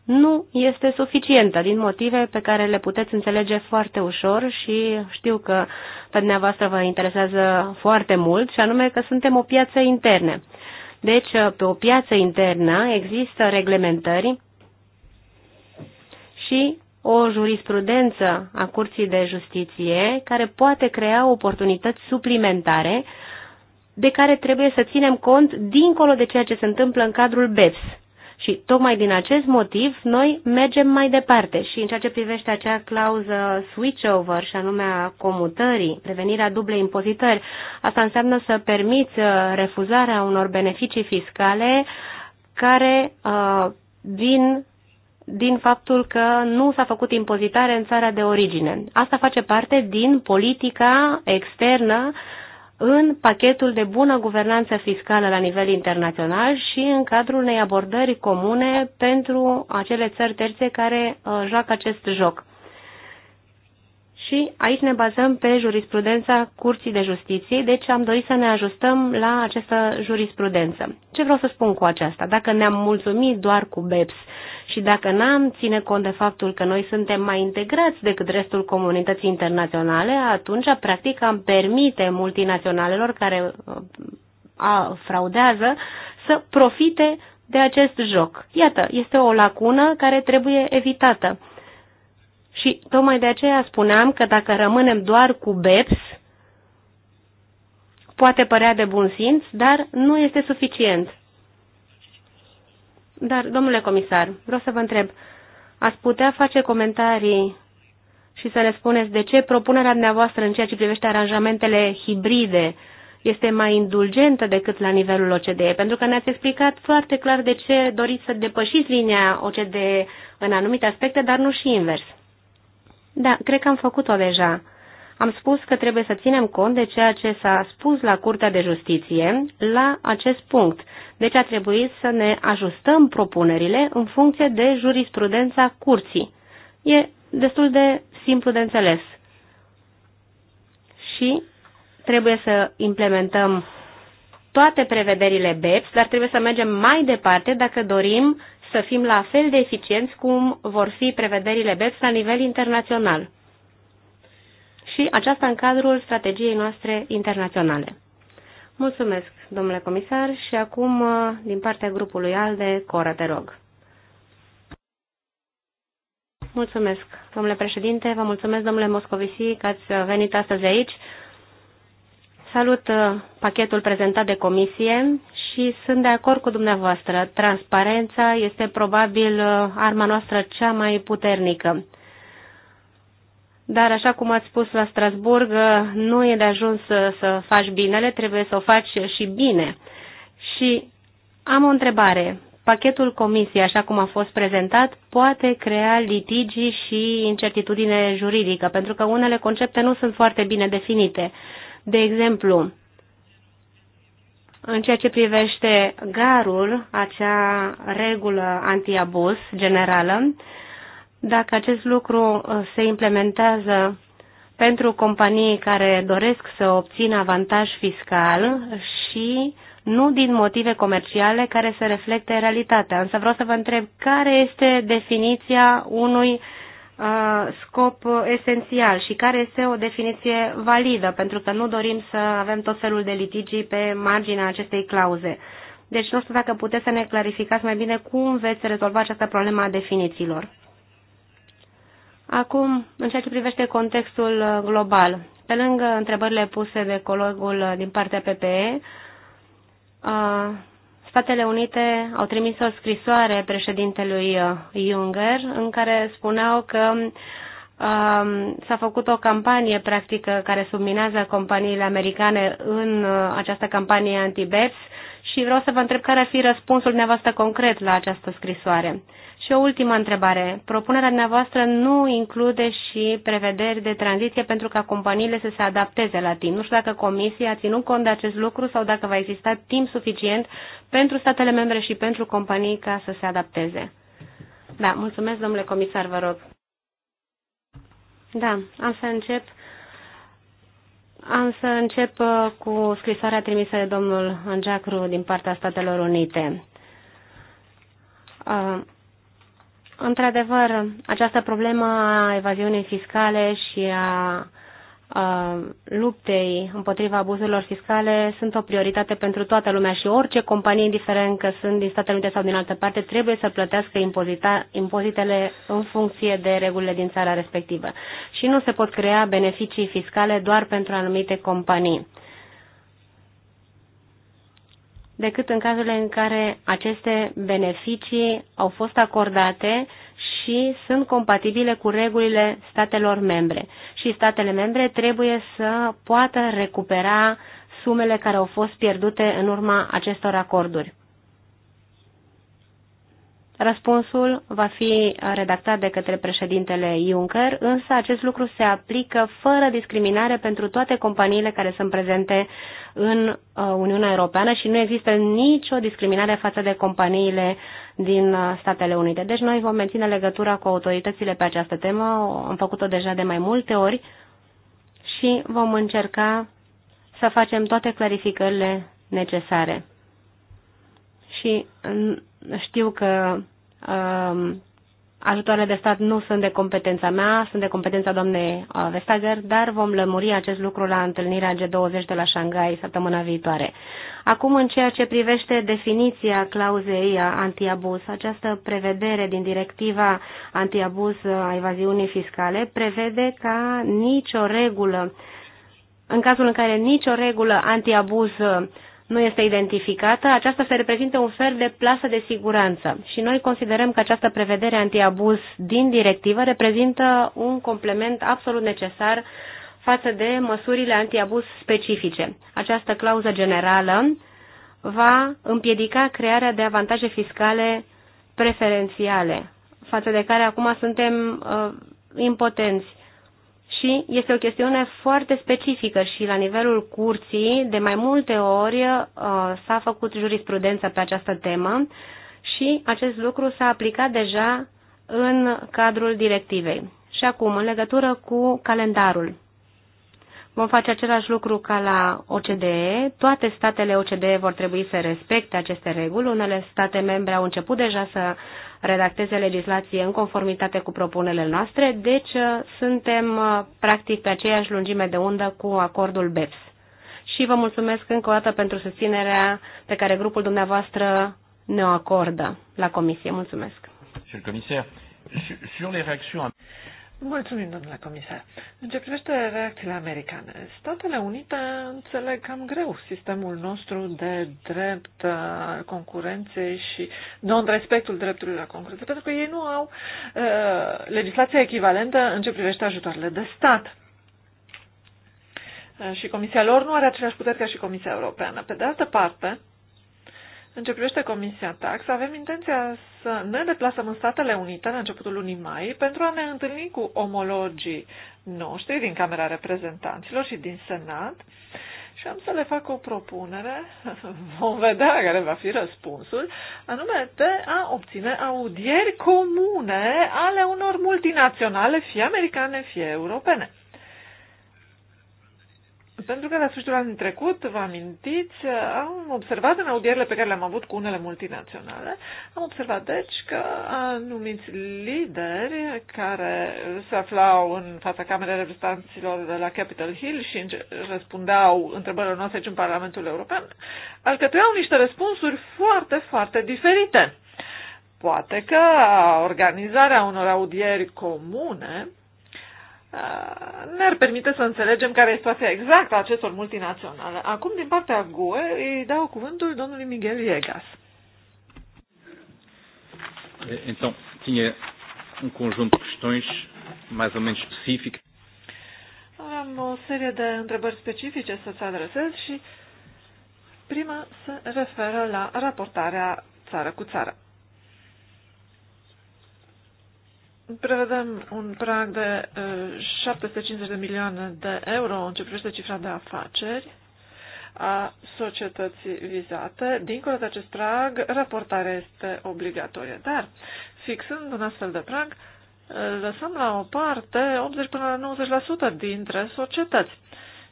nu este suficientă din motive pe care le puteți înțelege foarte ușor și știu că pe dumneavoastră vă interesează foarte mult și anume că suntem o piață internă. Deci, pe o piață internă există reglementări și o jurisprudență a Curții de Justiție care poate crea oportunități suplimentare de care trebuie să ținem cont dincolo de ceea ce se întâmplă în cadrul BEPS. Și tocmai din acest motiv noi mergem mai departe și în ceea ce privește acea clauză switchover și anume a comutării, prevenirea dublei impozitări, asta înseamnă să permiți uh, refuzarea unor beneficii fiscale care uh, vin din faptul că nu s-a făcut impozitare în țara de origine. Asta face parte din politica externă în pachetul de bună guvernanță fiscală la nivel internațional și în cadrul unei abordări comune pentru acele țări terțe care uh, joacă acest joc. Și aici ne bazăm pe jurisprudența Curții de Justiție, deci am dorit să ne ajustăm la această jurisprudență. Ce vreau să spun cu aceasta? Dacă ne-am mulțumit doar cu BEPS și dacă n-am ține cont de faptul că noi suntem mai integrați decât restul comunității internaționale, atunci, practic, am permite multinaționalelor care uh, a, fraudează să profite de acest joc. Iată, este o lacună care trebuie evitată. Și tocmai de aceea spuneam că dacă rămânem doar cu BEPS, poate părea de bun simț, dar nu este suficient. Dar, domnule comisar, vreau să vă întreb, ați putea face comentarii și să ne spuneți de ce propunerea dumneavoastră în ceea ce privește aranjamentele hibride este mai indulgentă decât la nivelul OCDE, pentru că ne-ați explicat foarte clar de ce doriți să depășiți linia OCDE în anumite aspecte, dar nu și invers. Da, cred că am făcut-o deja am spus că trebuie să ținem cont de ceea ce s-a spus la Curtea de Justiție la acest punct. Deci a trebuit să ne ajustăm propunerile în funcție de jurisprudența curții. E destul de simplu de înțeles. Și trebuie să implementăm toate prevederile BEPS, dar trebuie să mergem mai departe dacă dorim să fim la fel de eficienți cum vor fi prevederile BEPS la nivel internațional și aceasta în cadrul strategiei noastre internaționale. Mulțumesc, domnule comisar, și acum, uh, din partea grupului ALDE, Cora, te rog. Mulțumesc, domnule președinte, vă mulțumesc, domnule Moscovici, că ați venit astăzi aici. Salut uh, pachetul prezentat de comisie și sunt de acord cu dumneavoastră. Transparența este probabil uh, arma noastră cea mai puternică. Dar, așa cum ați spus la Strasburg, nu e de ajuns să, să faci binele, trebuie să o faci și bine. Și am o întrebare. Pachetul comisiei, așa cum a fost prezentat, poate crea litigii și incertitudine juridică, pentru că unele concepte nu sunt foarte bine definite. De exemplu, în ceea ce privește garul, acea regulă antiabuz generală, dacă acest lucru uh, se implementează pentru companii care doresc să obțină avantaj fiscal și nu din motive comerciale care să reflecte realitatea. Însă vreau să vă întreb care este definiția unui uh, scop esențial și care este o definiție validă, pentru că nu dorim să avem tot felul de litigii pe marginea acestei clauze. Deci nu știu dacă puteți să ne clarificați mai bine cum veți rezolva această problemă a definițiilor. Acum, în ceea ce privește contextul uh, global, pe lângă întrebările puse de colegul uh, din partea PPE, uh, Statele Unite au trimis o scrisoare președintelui Juncker în care spuneau că um, s-a făcut o campanie practică care subminează companiile americane în această campanie anti-BEPS și vreau să vă întreb care ar fi răspunsul dumneavoastră concret la această scrisoare. Și o ultimă întrebare. Propunerea dumneavoastră nu include și prevederi de tranziție pentru ca companiile să se adapteze la timp. Nu știu dacă Comisia a ținut cont de acest lucru sau dacă va exista timp suficient pentru statele membre și pentru companii ca să se adapteze. Da, mulțumesc, domnule comisar, vă rog. Da, am să încep. Am să încep uh, cu scrisoarea trimisă de domnul Angeacru din partea Statelor Unite. Uh, Într-adevăr, această problemă a evaziunii fiscale și a, a luptei împotriva abuzurilor fiscale sunt o prioritate pentru toată lumea și orice companie, indiferent că sunt din Statele Unite sau din altă parte, trebuie să plătească impozita, impozitele în funcție de regulile din țara respectivă. Și nu se pot crea beneficii fiscale doar pentru anumite companii decât în cazurile în care aceste beneficii au fost acordate și sunt compatibile cu regulile statelor membre. Și statele membre trebuie să poată recupera sumele care au fost pierdute în urma acestor acorduri. Răspunsul va fi redactat de către președintele Juncker, însă acest lucru se aplică fără discriminare pentru toate companiile care sunt prezente în uh, Uniunea Europeană și nu există nicio discriminare față de companiile din uh, Statele Unite. Deci noi vom menține legătura cu autoritățile pe această temă, am făcut-o deja de mai multe ori și vom încerca să facem toate clarificările necesare. Și știu că um, ajutoarele de stat nu sunt de competența mea, sunt de competența doamnei uh, Vestager, dar vom lămuri acest lucru la întâlnirea G20 de la Shanghai săptămâna viitoare. Acum, în ceea ce privește definiția clauzei antiabuz, această prevedere din directiva antiabuz a evaziunii fiscale prevede ca nicio regulă, în cazul în care nicio regulă antiabuz uh, nu este identificată, aceasta se reprezintă un fel de plasă de siguranță și noi considerăm că această prevedere antiabuz din directivă reprezintă un complement absolut necesar față de măsurile antiabuz specifice. Această clauză generală va împiedica crearea de avantaje fiscale preferențiale, față de care acum suntem uh, impotenți și este o chestiune foarte specifică și la nivelul curții de mai multe ori uh, s-a făcut jurisprudență pe această temă și acest lucru s-a aplicat deja în cadrul directivei. Și acum, în legătură cu calendarul. Vom face același lucru ca la OCDE. Toate statele OCDE vor trebui să respecte aceste reguli. Unele state membre au început deja să redacteze legislație în conformitate cu propunerile noastre, deci uh, suntem uh, practic pe aceeași lungime de undă cu acordul BEPS. Și vă mulțumesc încă o dată pentru susținerea pe care grupul dumneavoastră ne o acordă la comisie. Mulțumesc. sur les réactions Mulțumim, domnule comisar. În ce privește reacțiile americane, Statele Unite înțeleg cam greu sistemul nostru de drept al uh, concurenței și non-respectul dreptului la concurență, pentru că ei nu au uh, legislația echivalentă în ce privește ajutoarele de stat. Uh, și Comisia lor nu are aceleași puteri ca și Comisia Europeană. Pe de altă parte, în ce privește Comisia Tax, avem intenția să ne deplasăm în Statele Unite la începutul lunii mai pentru a ne întâlni cu omologii noștri din Camera Reprezentanților și din Senat și am să le fac o propunere, <laughs> vom vedea care va fi răspunsul, anume de a obține audieri comune ale unor multinaționale, fie americane, fie europene. Pentru că la sfârșitul anului trecut, vă amintiți, am observat în audierile pe care le-am avut cu unele multinaționale, am observat deci că anumiți lideri care se aflau în fața Camerei Reprezentanților de la Capitol Hill și răspundeau întrebările noastre aici în Parlamentul European, alcătuiau niște răspunsuri foarte, foarte diferite. Poate că organizarea unor audieri comune Ah, ne-ar permite să înțelegem care este situația exactă a acestor multinaționale. Acum, din partea GUE, îi dau cuvântul domnului Miguel Viegas. Então, tinha um conjunto de questões mais ou menos específicas. Am o serie de întrebări specifice să-ți adresez și prima se referă la raportarea țară cu țară. Prevedem un prag de 750 eh, de milioane de euro în ce privește cifra de afaceri a societății vizate. Dincolo de acest prag, raportarea este obligatorie. Dar, fixând un astfel de prag, lăsăm la o parte 80 până la 90% dintre societăți.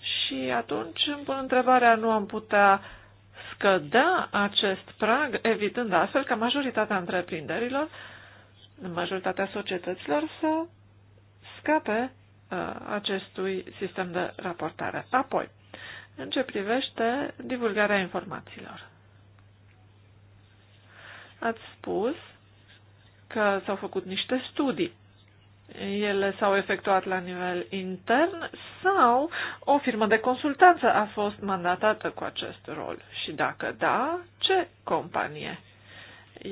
Și atunci îmi pun întrebarea, nu am putea scădea acest prag, evitând astfel ca majoritatea întreprinderilor în majoritatea societăților să scape uh, acestui sistem de raportare. Apoi, în ce privește divulgarea informațiilor. Ați spus că s-au făcut niște studii. Ele s-au efectuat la nivel intern sau o firmă de consultanță a fost mandatată cu acest rol? Și dacă da, ce companie?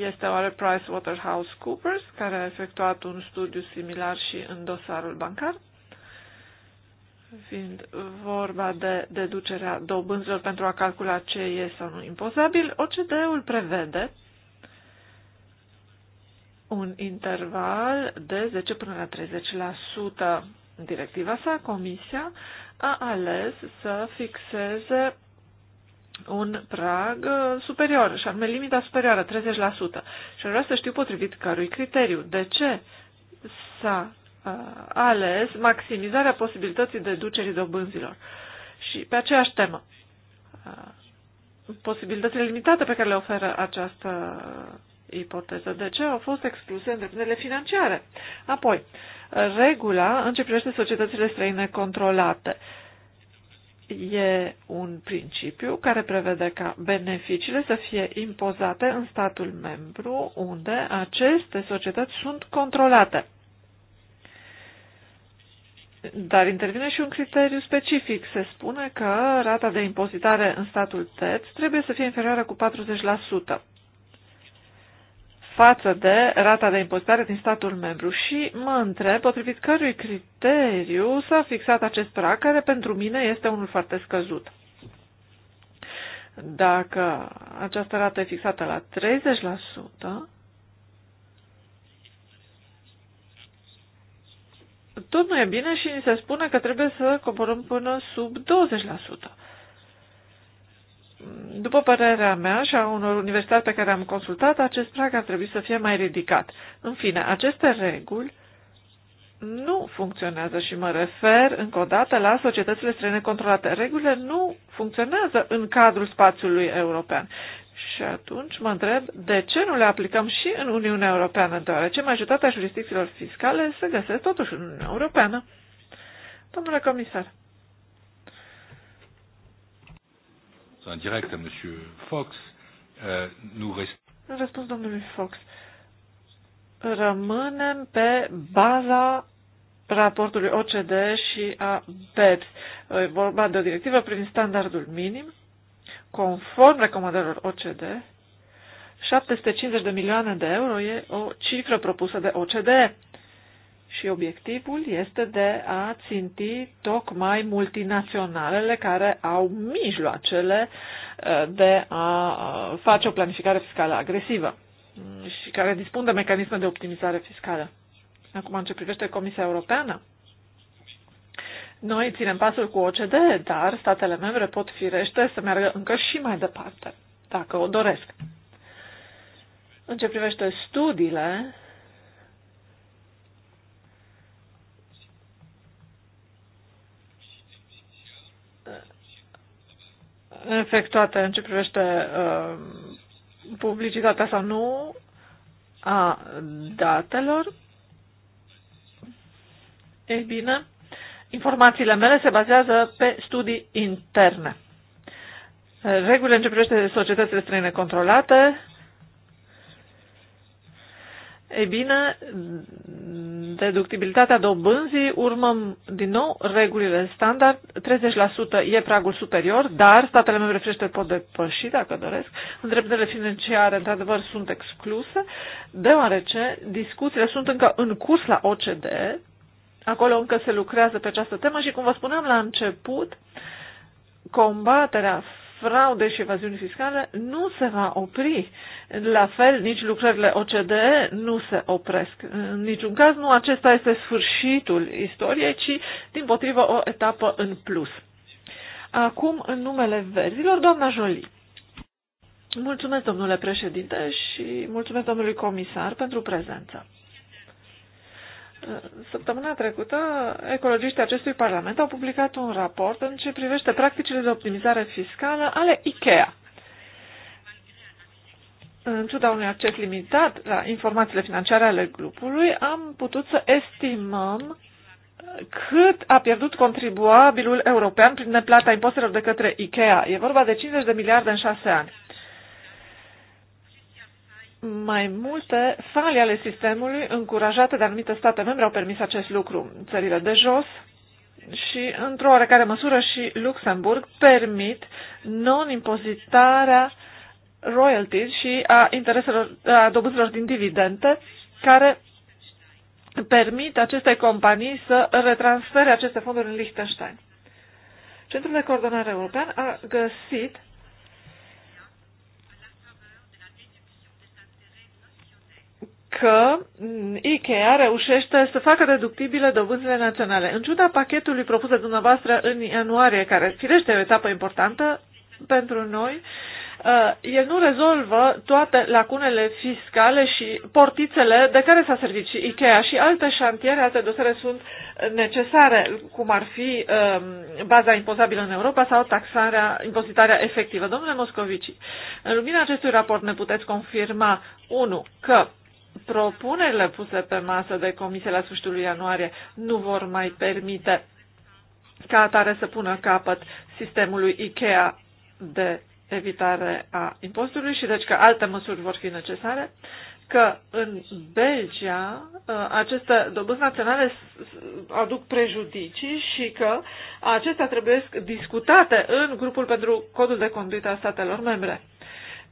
Este oare PricewaterhouseCoopers, care a efectuat un studiu similar și în dosarul bancar? fiind vorba de deducerea dobânzilor pentru a calcula ce e sau nu impozabil, OCDE-ul prevede un interval de 10 până la 30%. În directiva sa, Comisia a ales să fixeze un prag uh, superior, și anume limita superioară, 30%. Și vreau să știu potrivit cărui criteriu. De ce s-a uh, ales maximizarea posibilității deducerii dobânzilor? Și pe aceeași temă, uh, posibilitățile limitate pe care le oferă această ipoteză. De ce au fost excluse întreprinderile financiare? Apoi, regula în ce privește societățile străine controlate. E un principiu care prevede ca beneficiile să fie impozate în statul membru unde aceste societăți sunt controlate. Dar intervine și un criteriu specific. Se spune că rata de impozitare în statul TEț trebuie să fie inferioară cu 40% față de rata de impozitare din statul membru și mă întreb potrivit cărui criteriu s-a fixat acest prag, care pentru mine este unul foarte scăzut. Dacă această rată e fixată la 30%, tot nu e bine și ni se spune că trebuie să coborâm până sub 20%. După părerea mea și a unor universități pe care am consultat, acest prag ar trebui să fie mai ridicat. În fine, aceste reguli nu funcționează și mă refer încă o dată la societățile străine controlate. Regulile nu funcționează în cadrul spațiului european. Și atunci mă întreb de ce nu le aplicăm și în Uniunea Europeană, deoarece majoritatea jurisdicțiilor fiscale se găsesc totuși în Uniunea Europeană. Domnule comisar, un direct à M. Fox, euh, nous restons. Răspuns domnului Fox. Rămânem pe baza raportului OCD și a BEPS. E vorba de o directivă privind standardul minim, conform recomandărilor OCD. 750 de milioane de euro e o cifră propusă de OCD și obiectivul este de a ținti tocmai multinaționalele care au mijloacele uh, de a uh, face o planificare fiscală agresivă mm, și care dispun de mecanisme de optimizare fiscală. Acum, în ce privește Comisia Europeană, noi ținem pasul cu OCD, dar statele membre pot firește să meargă încă și mai departe, dacă o doresc. În ce privește studiile, efectuate în ce privește uh, publicitatea sau nu a datelor, ei bine, informațiile mele se bazează pe studii interne. Regulile în ce privește societățile străine controlate ei bine, deductibilitatea dobânzii urmăm din nou regulile standard. 30% e pragul superior, dar statele membre frește pot depăși dacă doresc. Întreprinderile financiare, într-adevăr, sunt excluse, deoarece discuțiile sunt încă în curs la OCD, Acolo încă se lucrează pe această temă și, cum vă spuneam la început, combaterea fraude și evaziune fiscale nu se va opri. La fel, nici lucrările OCDE nu se opresc. În niciun caz nu acesta este sfârșitul istoriei, ci din potrivă o etapă în plus. Acum, în numele verzilor, doamna Jolie. Mulțumesc, domnule președinte, și mulțumesc domnului comisar pentru prezență. Săptămâna trecută, ecologiștii acestui parlament au publicat un raport în ce privește practicile de optimizare fiscală ale IKEA. În ciuda unui acces limitat la informațiile financiare ale grupului, am putut să estimăm cât a pierdut contribuabilul european prin neplata impozitelor de către IKEA. E vorba de 50 de miliarde în șase ani mai multe fali ale sistemului încurajate de anumite state membre au permis acest lucru. Țările de jos și, într-o oarecare măsură, și Luxemburg permit non-impozitarea royalties și a, intereselor, a dobânzilor din dividende care permit acestei companii să retransfere aceste fonduri în Liechtenstein. Centrul de Coordonare European a găsit că IKEA reușește să facă deductibile dobânzile naționale. În ciuda pachetului propus de dumneavoastră în ianuarie, care firește o etapă importantă pentru noi, uh, el nu rezolvă toate lacunele fiscale și portițele de care s-a servit și IKEA și alte șantiere, alte dosare sunt necesare, cum ar fi um, baza impozabilă în Europa sau taxarea, impozitarea efectivă. Domnule Moscovici, în lumina acestui raport ne puteți confirma, 1. că propunerile puse pe masă de comisie la sfârșitul lui ianuarie nu vor mai permite ca atare să pună capăt sistemului IKEA de evitare a impostului și deci că alte măsuri vor fi necesare, că în Belgia uh, aceste dobânzi naționale aduc prejudicii și că acestea trebuie discutate în grupul pentru codul de conduită a statelor membre,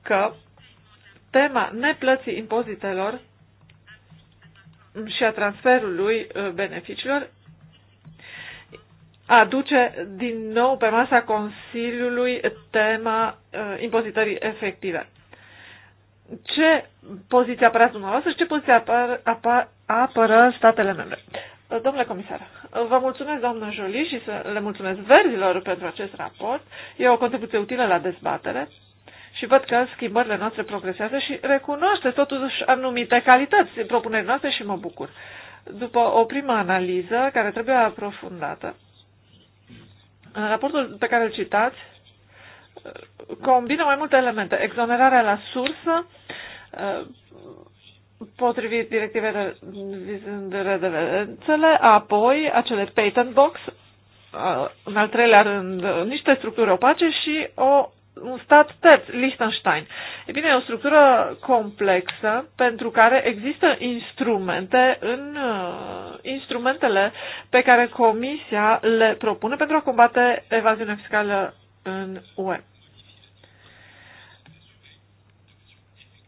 că tema neplății impozitelor și a transferului uh, beneficiilor aduce din nou pe masa Consiliului tema uh, impozitării efective. Ce poziție apărați dumneavoastră și ce poziție apăr, apă, apără statele membre? Uh, domnule comisar, vă mulțumesc, doamnă Jolie, și să le mulțumesc verzilor pentru acest raport. E o contribuție utilă la dezbatere și văd că schimbările noastre progresează și recunoaște totuși anumite calități propunerile noastre și mă bucur. După o primă analiză care trebuie aprofundată, în raportul pe care îl citați combină mai multe elemente. Exonerarea la sursă, potrivit directivele vizând redevențele, apoi acele patent box, în al treilea rând niște structuri opace și o un stat terț, Liechtenstein. E bine, e o structură complexă pentru care există instrumente în uh, instrumentele pe care Comisia le propune pentru a combate evaziunea fiscală în UE.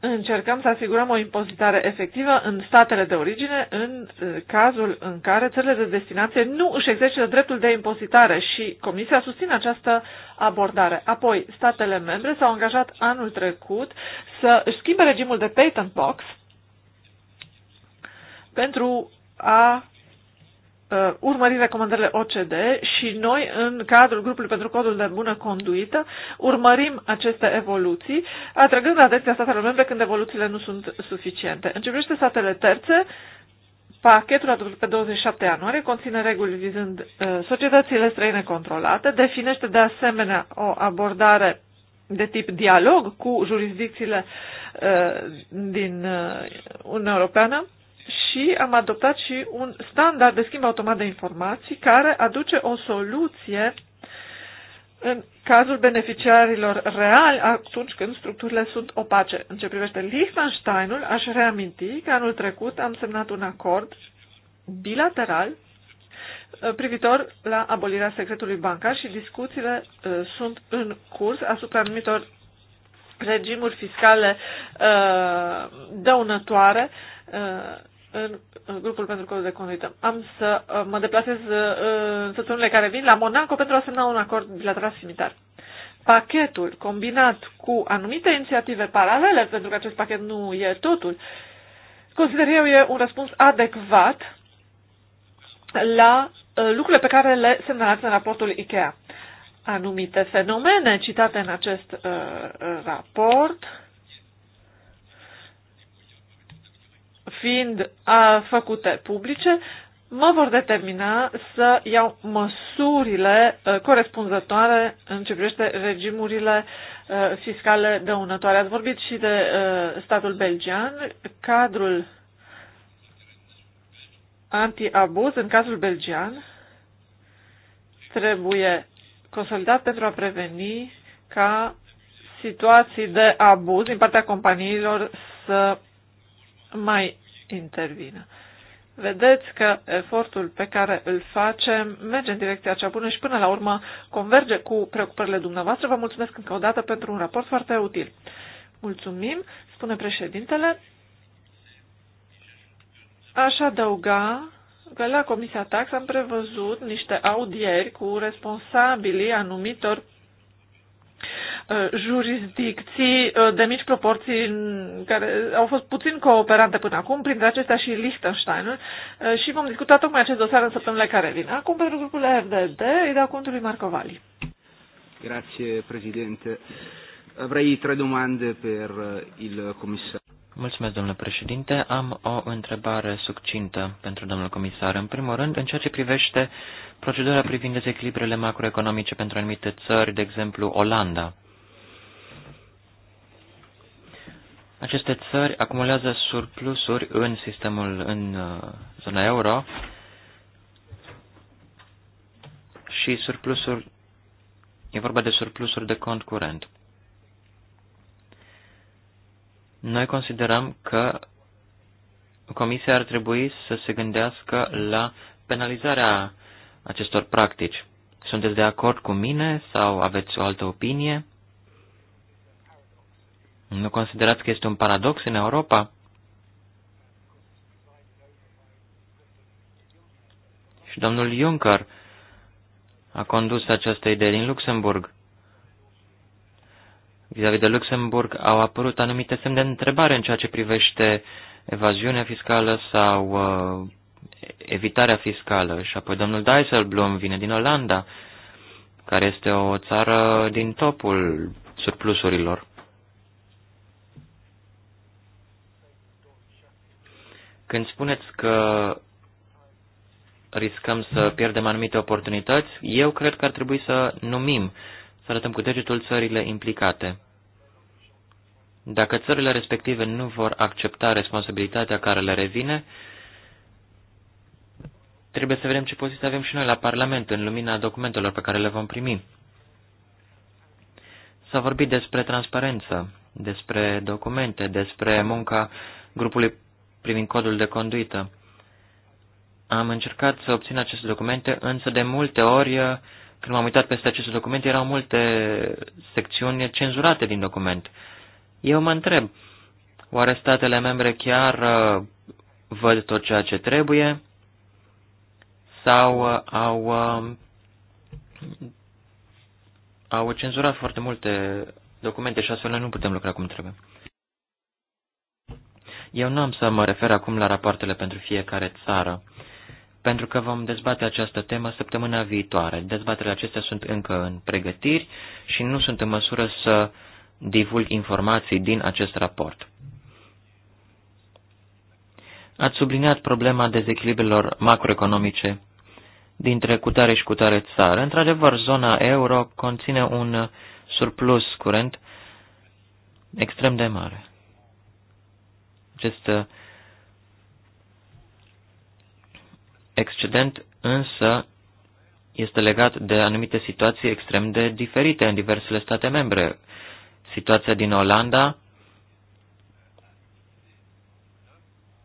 încercăm să asigurăm o impozitare efectivă în statele de origine, în eh, cazul în care țările de destinație nu își exercită dreptul de impozitare și Comisia susține această abordare. Apoi, statele membre s-au angajat anul trecut să își schimbe regimul de patent box pentru a uh, urmări recomandările OCD și noi, în cadrul grupului pentru codul de bună conduită, urmărim aceste evoluții, atrăgând atenția statelor membre când evoluțiile nu sunt suficiente. În ce privește statele terțe, Pachetul adus pe 27 ianuarie conține reguli vizând uh, societățile străine controlate, definește de asemenea o abordare de tip dialog cu jurisdicțiile uh, din uh, Uniunea Europeană și am adoptat și un standard de schimb automat de informații care aduce o soluție în cazul beneficiarilor reali atunci când structurile sunt opace. În ce privește Liechtensteinul, aș reaminti că anul trecut am semnat un acord bilateral uh, privitor la abolirea secretului bancar și discuțiile uh, sunt în curs asupra anumitor regimuri fiscale uh, dăunătoare uh, în grupul pentru codul de conduită. Am să uh, mă deplasez uh, în săptămânile care vin la Monaco pentru a semna un acord bilateral similar. Pachetul combinat cu anumite inițiative paralele, pentru că acest pachet nu e totul, consider eu e un răspuns adecvat la uh, lucrurile pe care le semnalați în raportul IKEA. Anumite fenomene citate în acest uh, raport fiind a, făcute publice, mă vor determina să iau măsurile a, corespunzătoare în ce privește regimurile a, fiscale dăunătoare. Ați vorbit și de a, statul belgian, cadrul anti-abuz în cazul belgian trebuie consolidat pentru a preveni ca situații de abuz din partea companiilor să mai intervină. Vedeți că efortul pe care îl facem merge în direcția cea bună și până la urmă converge cu preocupările dumneavoastră. Vă mulțumesc încă o dată pentru un raport foarte util. Mulțumim, spune președintele. Aș adăuga că la Comisia Tax am prevăzut niște audieri cu responsabilii anumitor Uh, jurisdicții uh, de mici proporții care au fost puțin cooperante până acum, printre acestea și Liechtenstein, uh, și vom discuta tocmai acest dosar în săptămânile care vin. Acum, pentru grupul RDD, îi dau contul lui Marco Vali. Grazie, președinte. Vrei trei domande per il Comisar. Mulțumesc, domnule președinte. Am o întrebare succintă pentru domnul comisar. În primul rând, în ceea ce privește procedura privind dezechilibrele macroeconomice pentru anumite țări, de exemplu Olanda. Aceste țări acumulează surplusuri în sistemul, în uh, zona euro și surplusuri, e vorba de surplusuri de cont curent. Noi considerăm că Comisia ar trebui să se gândească la penalizarea acestor practici. Sunteți de acord cu mine sau aveți o altă opinie? Nu considerați că este un paradox în Europa? Și domnul Juncker a condus această idee din Luxemburg. Vis-a-vis de Luxemburg au apărut anumite semne de întrebare în ceea ce privește evaziunea fiscală sau uh, evitarea fiscală. Și apoi domnul Dijsselbloem vine din Olanda, care este o țară din topul surplusurilor. Când spuneți că riscăm să pierdem anumite oportunități, eu cred că ar trebui să numim, să arătăm cu degetul țările implicate. Dacă țările respective nu vor accepta responsabilitatea care le revine, trebuie să vedem ce poziție avem și noi la Parlament în lumina documentelor pe care le vom primi. S-a vorbit despre transparență, despre documente, despre munca grupului privind codul de conduită. Am încercat să obțin aceste documente, însă de multe ori, când m-am uitat peste aceste documente, erau multe secțiuni cenzurate din document. Eu mă întreb, oare statele membre chiar uh, văd tot ceea ce trebuie sau uh, au, uh, au cenzurat foarte multe documente și astfel noi nu putem lucra cum trebuie. Eu nu am să mă refer acum la rapoartele pentru fiecare țară, pentru că vom dezbate această temă săptămâna viitoare. Dezbaterile acestea sunt încă în pregătiri și nu sunt în măsură să divulg informații din acest raport. Ați subliniat problema dezechilibrelor macroeconomice dintre cutare și cutare țară. Într-adevăr, zona euro conține un surplus curent extrem de mare. Acest uh, excedent însă este legat de anumite situații extrem de diferite în diversele state membre. Situația din Olanda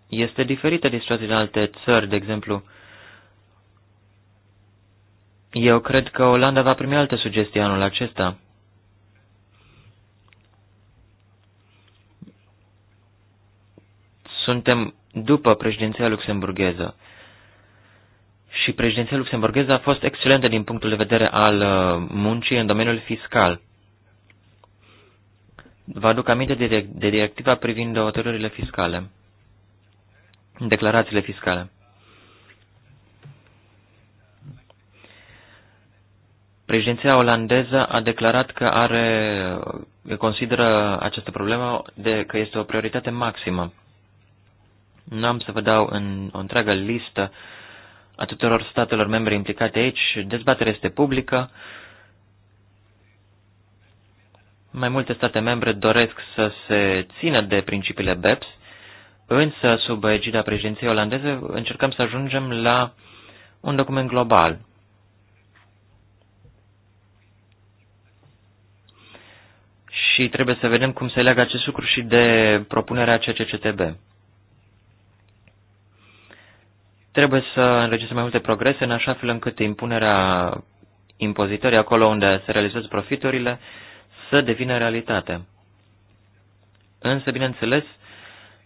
este diferită de situația din alte țări, de exemplu. Eu cred că Olanda va primi alte sugestii anul acesta. Suntem după președinția luxemburgheză. Și președinția luxemburgheză a fost excelentă din punctul de vedere al uh, muncii în domeniul fiscal. Vă aduc aminte de, de directiva privind hotărârile fiscale, declarațiile fiscale. Președinția olandeză a declarat că are, consideră această problemă de, că este o prioritate maximă n am să vă dau în o întreagă listă a tuturor statelor membre implicate aici. Dezbaterea este publică. Mai multe state membre doresc să se țină de principiile BEPS, însă sub egida președinției olandeze încercăm să ajungem la un document global. Și trebuie să vedem cum se leagă acest lucru și de propunerea CCCTB. Trebuie să înregistrăm mai multe progrese în așa fel încât impunerea impozitării acolo unde se realizează profiturile să devină realitate. Însă, bineînțeles,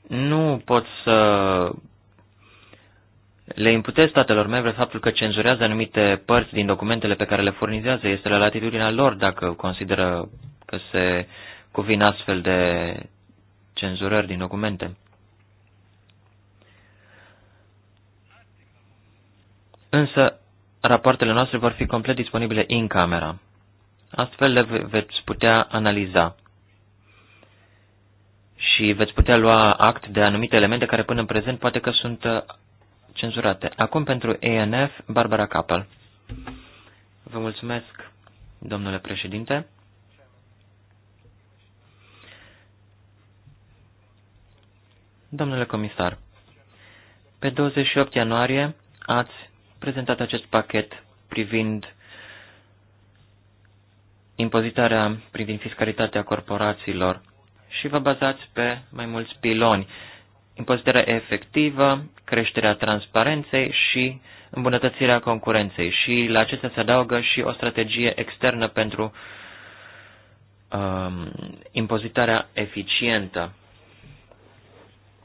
nu pot să le imputez statelor membre faptul că cenzurează anumite părți din documentele pe care le furnizează. Este la latitudinea lor dacă consideră că se cuvin astfel de cenzurări din documente. însă rapoartele noastre vor fi complet disponibile în camera. Astfel le ve veți putea analiza și veți putea lua act de anumite elemente care până în prezent poate că sunt uh, cenzurate. Acum pentru ENF, Barbara Capel. Vă mulțumesc, domnule președinte. Domnule comisar, pe 28 ianuarie ați prezentat acest pachet privind impozitarea privind fiscalitatea corporațiilor și vă bazați pe mai mulți piloni. Impozitarea efectivă, creșterea transparenței și îmbunătățirea concurenței. Și la acestea se adaugă și o strategie externă pentru um, impozitarea eficientă.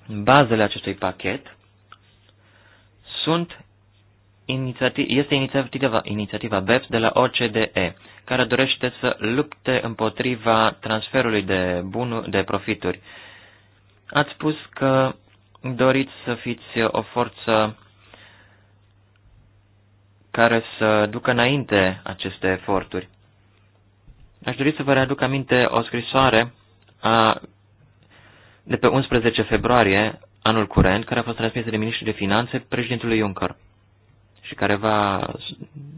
Bazele acestui pachet sunt este inițiativa, inițiativa BEPS de la OCDE, care dorește să lupte împotriva transferului de, bunu, de profituri. Ați spus că doriți să fiți o forță care să ducă înainte aceste eforturi. Aș dori să vă readuc aminte o scrisoare a, de pe 11 februarie anul curent, care a fost transmisă de Ministrul de Finanțe președintelui Juncker și care va,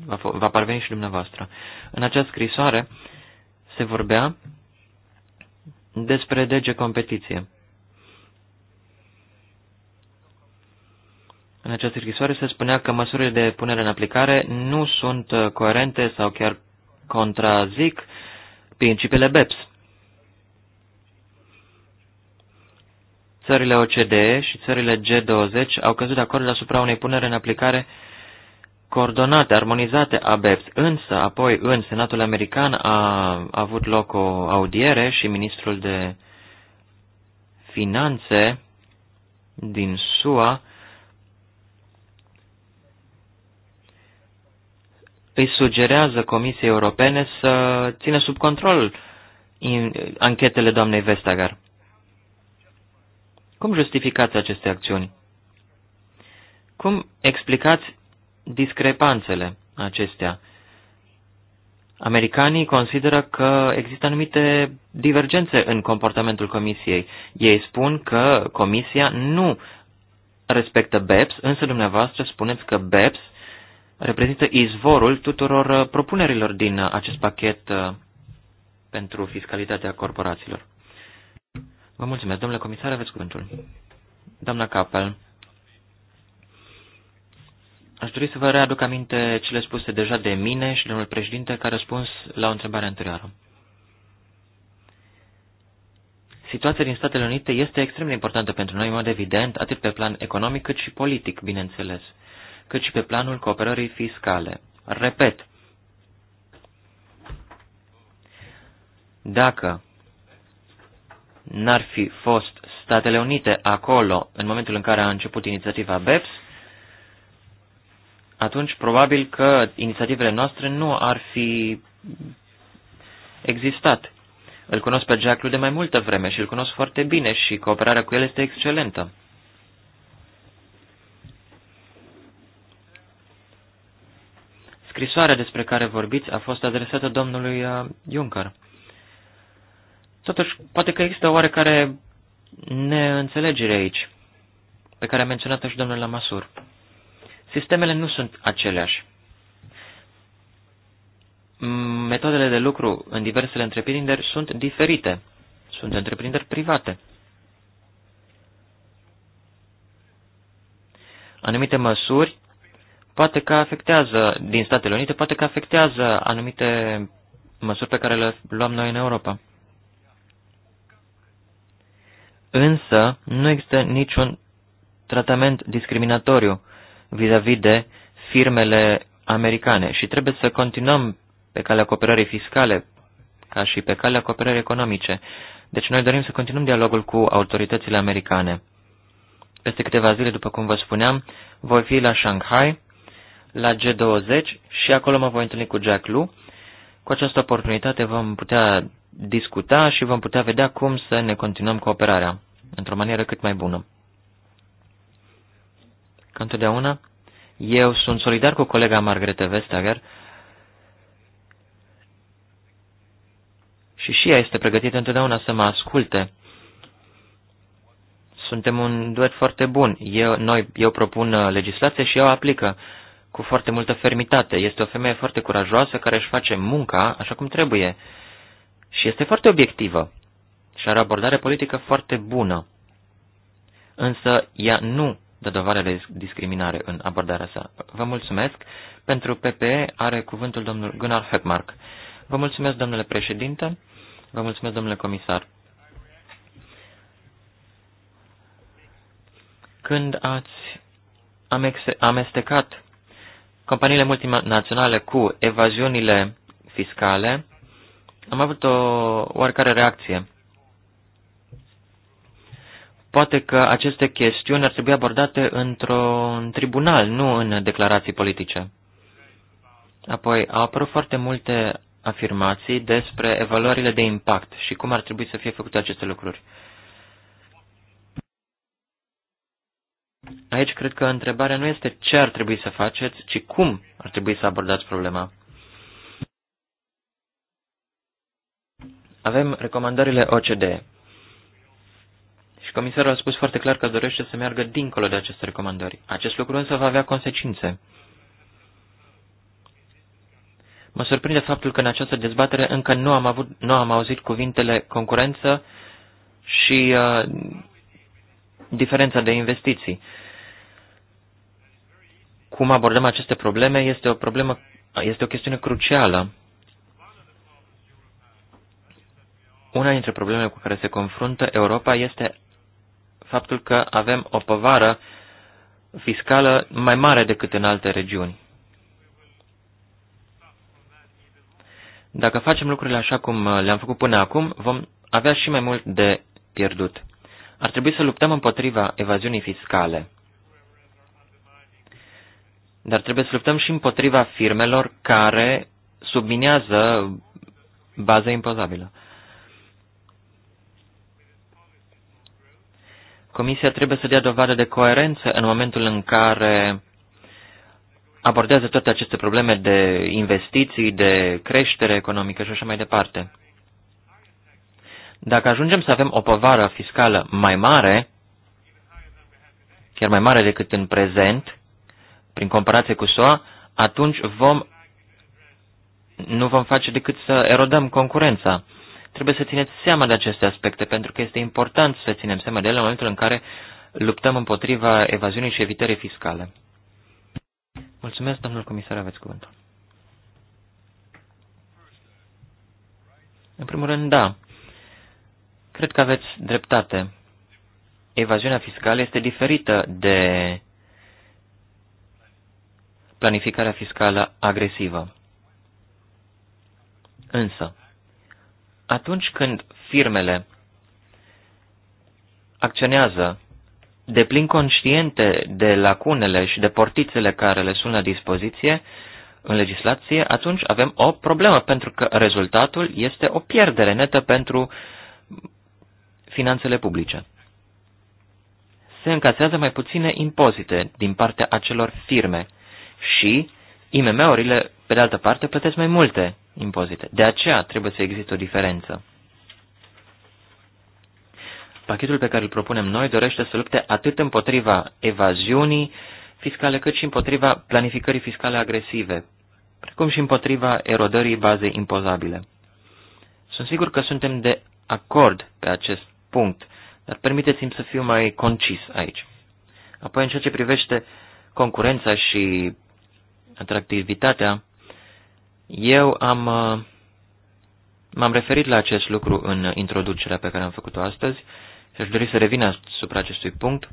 va, va parveni și dumneavoastră. În această scrisoare se vorbea despre dege Competiție. În această scrisoare se spunea că măsurile de punere în aplicare nu sunt uh, coerente sau chiar contrazic principiile BEPS. Țările OCDE și țările G20 au căzut de acord asupra unei punere în aplicare uh, coordonate, armonizate a BEPS, însă apoi în Senatul American a, avut loc o audiere și ministrul de finanțe din SUA îi sugerează Comisiei Europene să țină sub control anchetele doamnei Vestager. Cum justificați aceste acțiuni? Cum explicați discrepanțele acestea. Americanii consideră că există anumite divergențe în comportamentul comisiei. Ei spun că comisia nu respectă BEPS, însă dumneavoastră spuneți că BEPS reprezintă izvorul tuturor uh, propunerilor din uh, acest pachet uh, pentru fiscalitatea corporațiilor. Vă mulțumesc, domnule comisar, aveți cuvântul. Doamna Capel. Aș dori să vă readuc aminte cele spuse deja de mine și domnul președinte ca răspuns la o întrebare anterioară. Situația din Statele Unite este extrem de importantă pentru noi, în mod evident, atât pe plan economic cât și politic, bineînțeles, cât și pe planul cooperării fiscale. Repet, dacă n-ar fi fost Statele Unite acolo în momentul în care a început inițiativa BEPS, atunci probabil că inițiativele noastre nu ar fi existat. Îl cunosc pe Jack de mai multă vreme și îl cunosc foarte bine și cooperarea cu el este excelentă. Scrisoarea despre care vorbiți a fost adresată domnului uh, Juncker. Totuși, poate că există oarecare neînțelegere aici, pe care a menționat-o și domnul Lamasur. Sistemele nu sunt aceleași. Mm, metodele de lucru în diversele întreprinderi sunt diferite. Sunt întreprinderi private. Anumite măsuri poate că afectează, din Statele Unite, poate că afectează anumite măsuri pe care le luăm noi în Europa. Însă, nu există niciun tratament discriminatoriu vis-a-vis -vis de firmele americane și trebuie să continuăm pe calea cooperării fiscale ca și pe calea cooperării economice. Deci noi dorim să continuăm dialogul cu autoritățile americane. Peste câteva zile, după cum vă spuneam, voi fi la Shanghai, la G20 și acolo mă voi întâlni cu Jack Lu. Cu această oportunitate vom putea discuta și vom putea vedea cum să ne continuăm cooperarea într-o manieră cât mai bună că întotdeauna eu sunt solidar cu colega Margrethe Vestager și și ea este pregătită întotdeauna să mă asculte. Suntem un duet foarte bun. Eu, noi, eu propun uh, legislație și ea o aplică cu foarte multă fermitate. Este o femeie foarte curajoasă care își face munca așa cum trebuie și este foarte obiectivă și are abordare politică foarte bună. Însă ea nu dă dovadă de discriminare în abordarea sa. Vă mulțumesc. Pentru PPE are cuvântul domnul Gunnar Höckmark. Vă mulțumesc, domnule președinte. Vă mulțumesc, domnule comisar. Când ați amestecat companiile multinaționale cu evaziunile fiscale, am avut o oarecare reacție. Poate că aceste chestiuni ar trebui abordate într-un tribunal, nu în declarații politice. Apoi, au apărut foarte multe afirmații despre evaluările de impact și cum ar trebui să fie făcute aceste lucruri. Aici cred că întrebarea nu este ce ar trebui să faceți, ci cum ar trebui să abordați problema. Avem recomandările OCDE. Și deci comisarul a spus foarte clar că dorește să meargă dincolo de aceste recomandări. Acest lucru însă va avea consecințe. Mă surprinde faptul că în această dezbatere încă nu am, avut, nu am auzit cuvintele concurență și uh, diferența de investiții. Cum abordăm aceste probleme este o problemă, este o chestiune crucială. Una dintre problemele cu care se confruntă Europa este faptul că avem o povară fiscală mai mare decât în alte regiuni. Dacă facem lucrurile așa cum uh, le-am făcut până acum, vom avea și mai mult de pierdut. Ar trebui să luptăm împotriva evaziunii fiscale. Dar trebuie să luptăm și împotriva firmelor care subminează baza impozabilă. Comisia trebuie să dea dovadă de coerență în momentul în care abordează toate aceste probleme de investiții, de creștere economică și așa mai departe. Dacă ajungem să avem o povară fiscală mai mare, chiar mai mare decât în prezent, prin comparație cu soa, atunci vom, nu vom face decât să erodăm concurența. Trebuie să țineți seama de aceste aspecte, pentru că este important să ținem seama de ele în momentul în care luptăm împotriva evaziunii și evitării fiscale. Mulțumesc, domnul comisar, aveți cuvântul. În primul rând, da. Cred că aveți dreptate. Evaziunea fiscală este diferită de planificarea fiscală agresivă. Însă, atunci când firmele acționează de plin conștiente de lacunele și de portițele care le sunt la dispoziție în legislație, atunci avem o problemă, pentru că rezultatul este o pierdere netă pentru finanțele publice. Se încasează mai puține impozite din partea acelor firme și IMM-urile, pe de altă parte, plătesc mai multe impozite. De aceea trebuie să existe o diferență. Pachetul pe care îl propunem noi dorește să lupte atât împotriva evaziunii fiscale, cât și împotriva planificării fiscale agresive, precum și împotriva erodării bazei impozabile. Sunt sigur că suntem de acord pe acest punct, dar permiteți-mi să fiu mai concis aici. Apoi, în ceea ce privește concurența și atractivitatea, eu am, uh, m-am referit la acest lucru în introducerea pe care am făcut-o astăzi și aș dori să revin asupra acestui punct.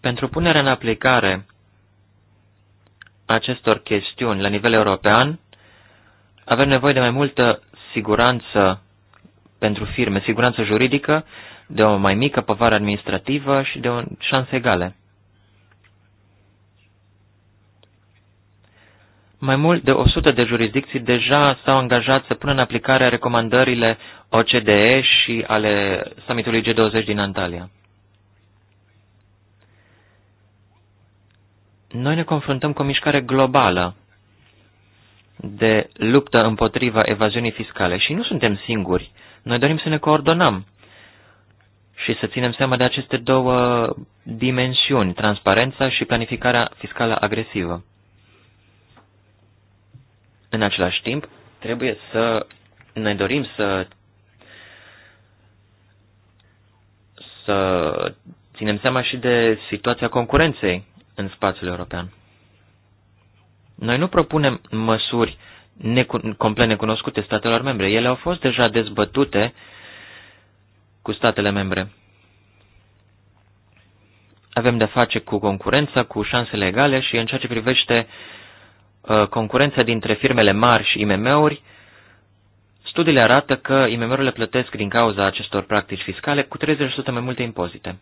Pentru punerea în aplicare acestor chestiuni la nivel european, avem nevoie de mai multă siguranță pentru firme, siguranță juridică, de o mai mică povară administrativă și de o șanse egale. Mai mult de 100 de jurisdicții deja s-au angajat să pună în aplicare recomandările OCDE și ale summitului G20 din Antalya. Noi ne confruntăm cu o mișcare globală de luptă împotriva evaziunii fiscale și nu suntem singuri. Noi dorim să ne coordonăm și să ținem seama de aceste două dimensiuni, transparența și planificarea fiscală agresivă. În același timp, trebuie să ne dorim să să ținem seama și de situația concurenței în spațiul european. Noi nu propunem măsuri necu- complet necunoscute statelor membre. Ele au fost deja dezbătute cu statele membre. Avem de-a face cu concurența, cu șansele legale și în ceea ce privește Uh, concurență dintre firmele mari și IMM-uri, studiile arată că IMM-urile plătesc din cauza acestor practici fiscale cu 30% mai multe impozite.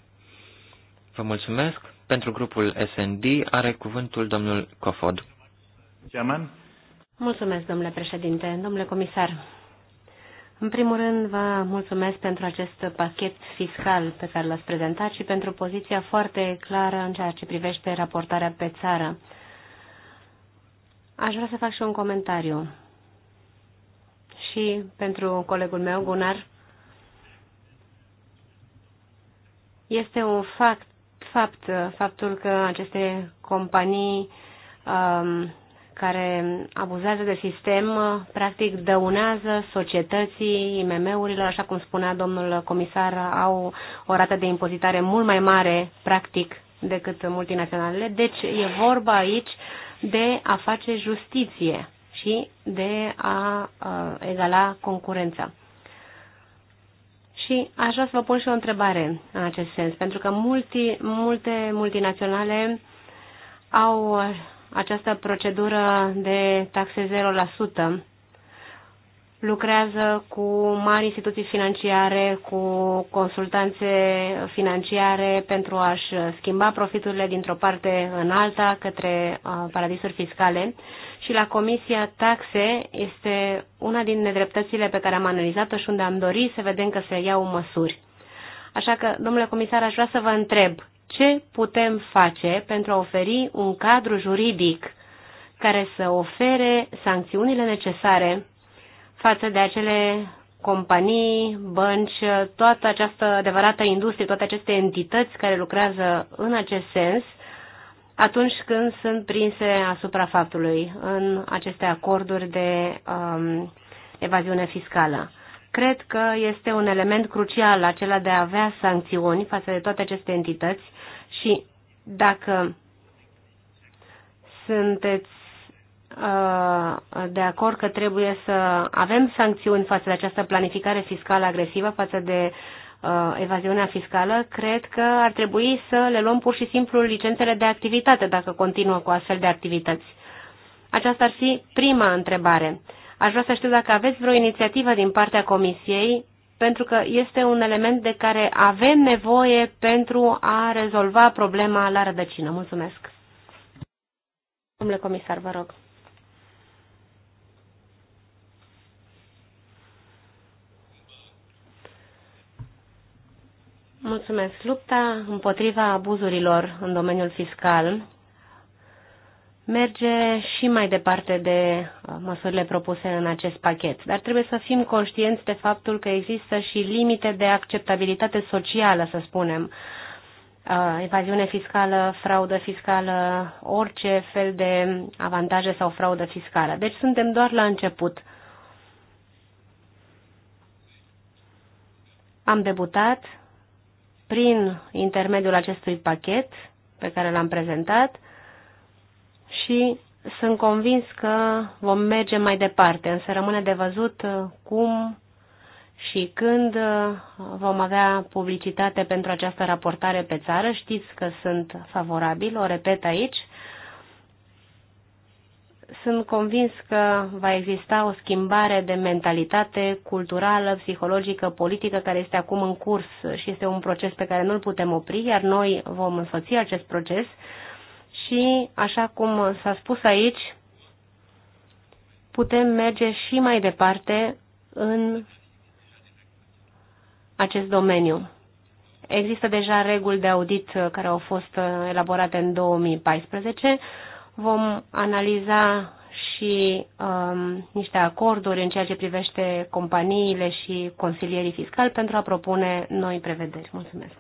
Vă mulțumesc. Pentru grupul SND are cuvântul domnul Cofod. German. Mulțumesc, domnule președinte. Domnule comisar, în primul rând, vă mulțumesc pentru acest pachet fiscal pe care l-ați prezentat și pentru poziția foarte clară în ceea ce privește raportarea pe țară. Aș vrea să fac și un comentariu. Și pentru colegul meu, Gunnar, este un fapt, fapt faptul că aceste companii um, care abuzează de sistem, practic dăunează societății, IMM-urilor, așa cum spunea domnul comisar, au o rată de impozitare mult mai mare, practic, decât multinaționalele. Deci e vorba aici uh, de a face justiție și de a egala concurența. Și aș vrea să vă pun și o întrebare în acest sens, pentru că multi, multe multinaționale au această procedură de taxe lucrează cu mari instituții financiare, cu consultanțe financiare pentru a-și schimba profiturile dintr-o parte în alta către uh, paradisuri fiscale și la Comisia Taxe este una din nedreptățile pe care am analizat-o și unde am dorit să vedem că se iau măsuri. Așa că, domnule comisar, aș vrea să vă întreb ce putem face pentru a oferi un cadru juridic care să ofere sancțiunile necesare față de acele companii, bănci, toată această adevărată industrie, toate aceste entități care lucrează în acest sens atunci când sunt prinse asupra faptului în aceste acorduri de um, evaziune fiscală. Cred că este un element crucial acela de a avea sancțiuni față de toate aceste entități și dacă sunteți Uh, de acord că trebuie să avem sancțiuni față de această planificare fiscală agresivă, față de uh, evaziunea fiscală, cred că ar trebui să le luăm pur și simplu licențele de activitate dacă continuă cu astfel de activități. Aceasta ar fi prima întrebare. Aș vrea să știu dacă aveți vreo inițiativă din partea Comisiei, pentru că este un element de care avem nevoie pentru a rezolva problema la rădăcină. Mulțumesc. Domnule comisar, vă rog. Mulțumesc. Lupta împotriva abuzurilor în domeniul fiscal merge și mai departe de uh, măsurile propuse în acest pachet, dar trebuie să fim conștienți de faptul că există și limite de acceptabilitate socială, să spunem. Uh, evaziune fiscală, fraudă fiscală, orice fel de avantaje sau fraudă fiscală. Deci suntem doar la început. Am debutat prin intermediul acestui pachet pe care l-am prezentat și sunt convins că vom merge mai departe, însă rămâne de văzut uh, cum și când uh, vom avea publicitate pentru această raportare pe țară. Știți că sunt favorabil, o repet aici, sunt convins că va exista o schimbare de mentalitate culturală, psihologică, politică care este acum în curs și este un proces pe care nu-l putem opri, iar noi vom însoți acest proces și, așa cum s-a spus aici, putem merge și mai departe în acest domeniu. Există deja reguli de audit care au fost elaborate în 2014 Vom analiza și um, niște acorduri în ceea ce privește companiile și consilierii fiscali pentru a propune noi prevederi. Mulțumesc.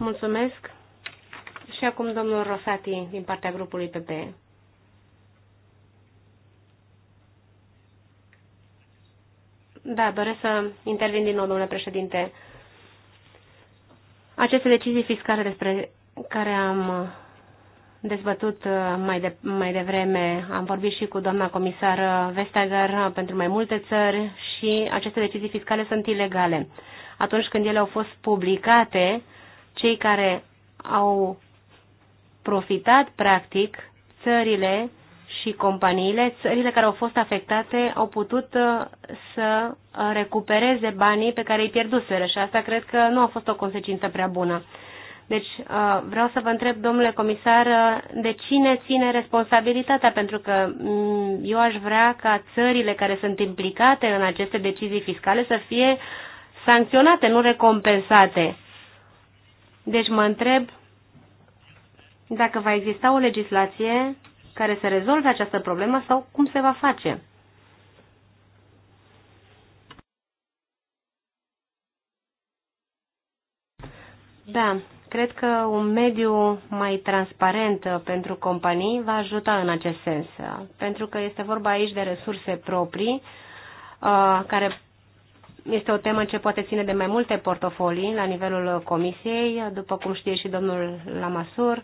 Mulțumesc. Și acum domnul Rosati din partea grupului PPE. Da, doresc să intervin din nou, domnule președinte. Aceste decizii fiscale despre care am dezbătut uh, mai, de, mai devreme. Am vorbit și cu doamna comisar Vestager pentru mai multe țări și aceste decizii fiscale sunt ilegale. Atunci când ele au fost publicate, cei care au profitat practic țările și companiile, țările care au fost afectate au putut uh, să recupereze banii pe care îi pierduseră și asta cred că nu a fost o consecință prea bună. Deci uh, vreau să vă întreb, domnule comisar, uh, de cine ține responsabilitatea, pentru că mm, eu aș vrea ca țările care sunt implicate în aceste decizii fiscale să fie sancționate, nu recompensate. Deci mă întreb dacă va exista o legislație care să rezolve această problemă sau cum se va face. Da, cred că un mediu mai transparent uh, pentru companii va ajuta în acest sens, uh, pentru că este vorba aici de resurse proprii, uh, care este o temă ce poate ține de mai multe portofolii la nivelul comisiei, după cum știe și domnul Lamasur.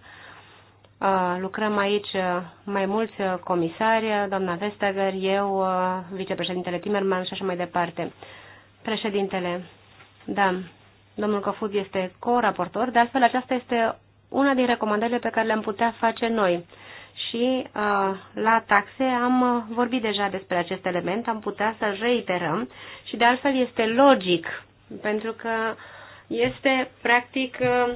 Lucrăm aici mai mulți comisari, doamna Vestager, eu, vicepreședintele Timerman și așa mai departe. Președintele, da, Domnul Cafut este co-raportor, de astfel aceasta este una din recomandările pe care le-am putea face noi. Și uh, la taxe am vorbit deja despre acest element, am putea să reiterăm și de altfel este logic, pentru că este practic uh,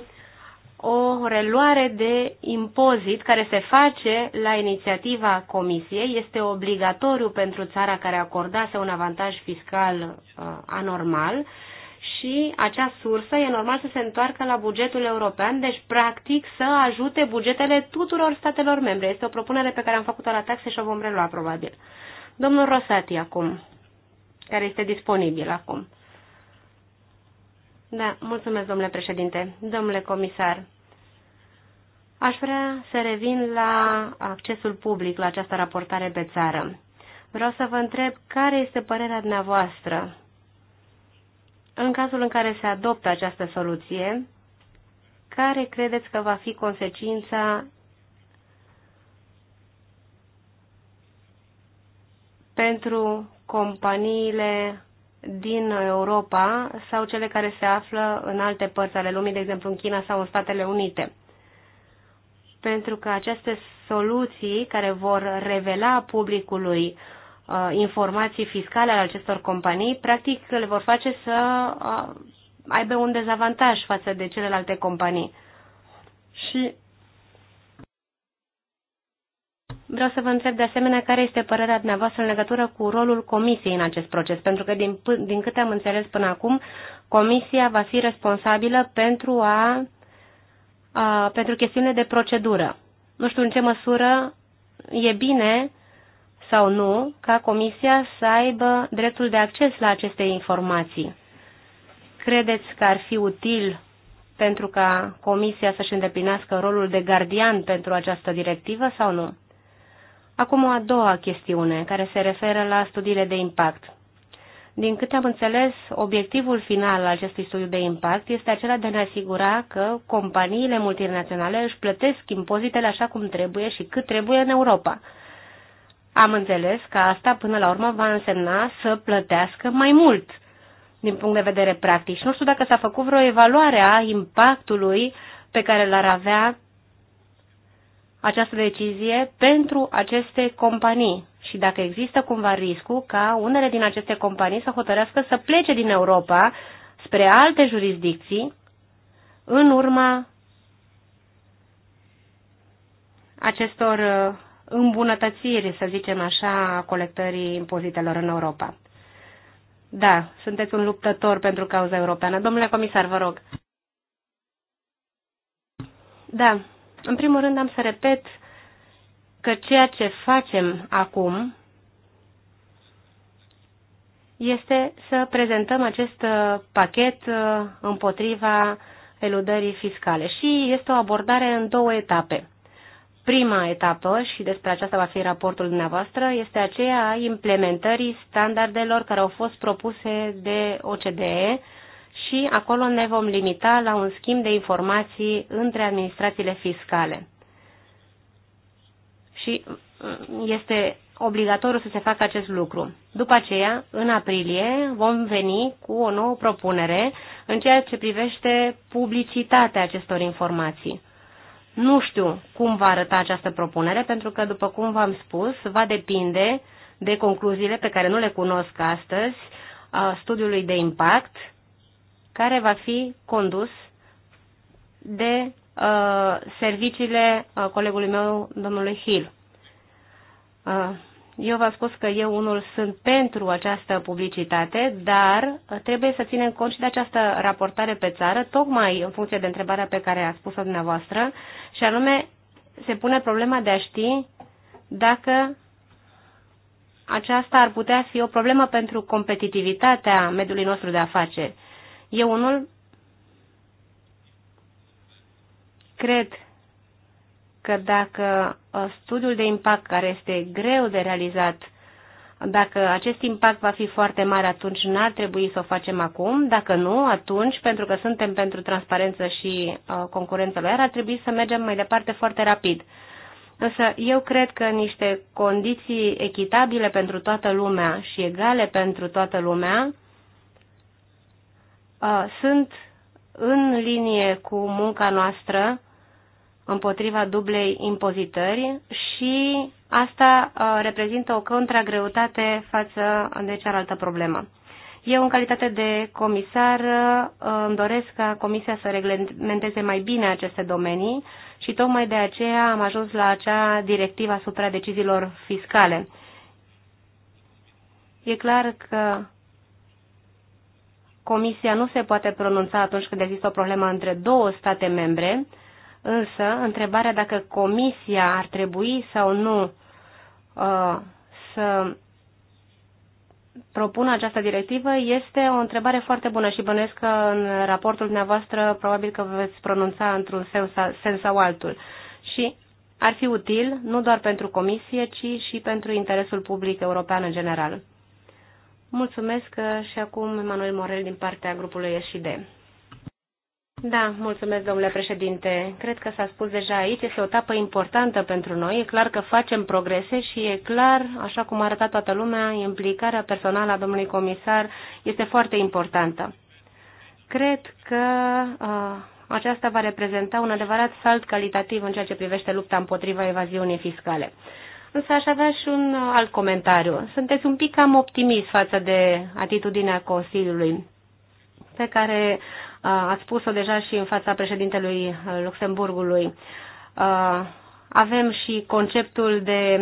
o reluare de impozit care se face la inițiativa Comisiei. Este obligatoriu pentru țara care acordase un avantaj fiscal uh, anormal și acea sursă e normal să se întoarcă la bugetul european, deci practic să ajute bugetele tuturor statelor membre. Este o propunere pe care am făcut-o la taxe și o vom relua probabil. Domnul Rosati acum, care este disponibil acum. Da, mulțumesc, domnule președinte. Domnule comisar, aș vrea să revin la accesul public la această raportare pe țară. Vreau să vă întreb care este părerea dumneavoastră în cazul în care se adoptă această soluție, care credeți că va fi consecința pentru companiile din Europa sau cele care se află în alte părți ale lumii, de exemplu în China sau în Statele Unite. Pentru că aceste soluții care vor revela publicului uh, Uh, informații fiscale ale acestor companii, practic le vor face să uh, aibă un dezavantaj față de celelalte companii. Și vreau să vă întreb de asemenea care este părerea dumneavoastră în legătură cu rolul comisiei în acest proces, pentru că din, din câte am înțeles până acum, comisia va fi responsabilă pentru a, a pentru chestiune de procedură. Nu știu în ce măsură e bine sau nu ca Comisia să aibă dreptul de acces la aceste informații? Credeți că ar fi util pentru ca Comisia să-și îndeplinească rolul de gardian pentru această directivă sau nu? Acum o a doua chestiune, care se referă la studiile de impact. Din câte am înțeles, obiectivul final al acestui studiu de impact este acela de a ne asigura că companiile multinaționale își plătesc impozitele așa cum trebuie și cât trebuie în Europa. Am înțeles că asta până la urmă va însemna să plătească mai mult din punct de vedere practic. nu știu dacă s-a făcut vreo evaluare a impactului pe care l-ar avea această decizie pentru aceste companii și dacă există cumva riscul ca unele din aceste companii să hotărească să plece din Europa spre alte jurisdicții în urma acestor uh, îmbunătățiri, să zicem așa, a colectării impozitelor în Europa. Da, sunteți un luptător pentru cauza europeană. Domnule comisar, vă rog. Da, în primul rând am să repet că ceea ce facem acum este să prezentăm acest uh, pachet uh, împotriva eludării fiscale și este o abordare în două etape prima etapă, și despre aceasta va fi raportul dumneavoastră, este aceea a implementării standardelor care au fost propuse de OCDE și acolo ne vom limita la un schimb de informații între administrațiile fiscale. Și mm, este obligatoriu să se facă acest lucru. După aceea, în aprilie, vom veni cu o nouă propunere în ceea ce privește publicitatea acestor informații. Nu știu cum va arăta această propunere, pentru că, după cum v-am spus, va depinde de concluziile pe care nu le cunosc astăzi, a studiului de impact, care va fi condus de a, serviciile a, colegului meu, domnului Hill. A, eu v-am spus că eu unul sunt pentru această publicitate, dar trebuie să ținem cont și de această raportare pe țară, tocmai în funcție de întrebarea pe care a spus-o dumneavoastră, și anume se pune problema de a ști dacă aceasta ar putea fi o problemă pentru competitivitatea mediului nostru de afaceri. Eu unul cred că dacă ă, studiul de impact care este greu de realizat, dacă acest impact va fi foarte mare, atunci n-ar trebui să o facem acum. Dacă nu, atunci, pentru că suntem pentru transparență și uh, concurență loială, ar trebui să mergem mai departe foarte rapid. Însă eu cred că niște condiții echitabile pentru toată lumea și egale pentru toată lumea uh, sunt în linie cu munca noastră împotriva dublei impozitări și asta uh, reprezintă o contragreutate față de cealaltă problemă. Eu, în calitate de comisar, uh, îmi doresc ca Comisia să reglementeze mai bine aceste domenii și tocmai de aceea am ajuns la acea directivă asupra deciziilor fiscale. E clar că Comisia nu se poate pronunța atunci când există o problemă între două state membre, Însă, întrebarea dacă comisia ar trebui sau nu uh, să propună această directivă este o întrebare foarte bună și bănuiesc că în raportul dumneavoastră probabil că veți pronunța într-un sens, sens sau altul. Și ar fi util nu doar pentru Comisie, ci și pentru interesul public european în general. Mulțumesc uh, și acum Emanuel Morel din partea grupului SID. Da, mulțumesc, domnule președinte. Cred că s-a spus deja aici, este o etapă importantă pentru noi. E clar că facem progrese și e clar, așa cum a arătat toată lumea, implicarea personală a domnului comisar este foarte importantă. Cred că a, uh, aceasta va reprezenta un adevărat salt calitativ în ceea ce privește lupta împotriva evaziunii fiscale. Însă aș avea și un uh, alt comentariu. Sunteți un pic cam optimist față de atitudinea Consiliului pe care Ați spus-o deja și în fața președintelui Luxemburgului. Avem și conceptul de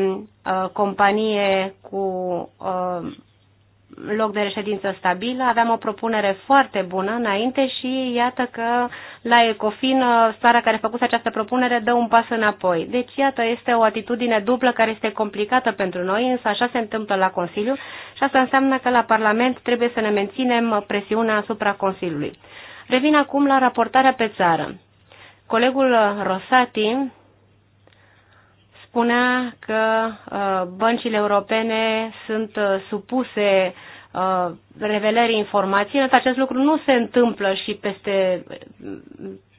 companie cu loc de reședință stabilă. Aveam o propunere foarte bună înainte și iată că la Ecofin, țara care a făcut această propunere dă un pas înapoi. Deci, iată, este o atitudine dublă care este complicată pentru noi, însă așa se întâmplă la Consiliu și asta înseamnă că la Parlament trebuie să ne menținem presiunea asupra Consiliului. Revin acum la raportarea pe țară. Colegul Rosati spunea că uh, băncile europene sunt uh, supuse uh, revelării informației, însă acest lucru nu se întâmplă și peste,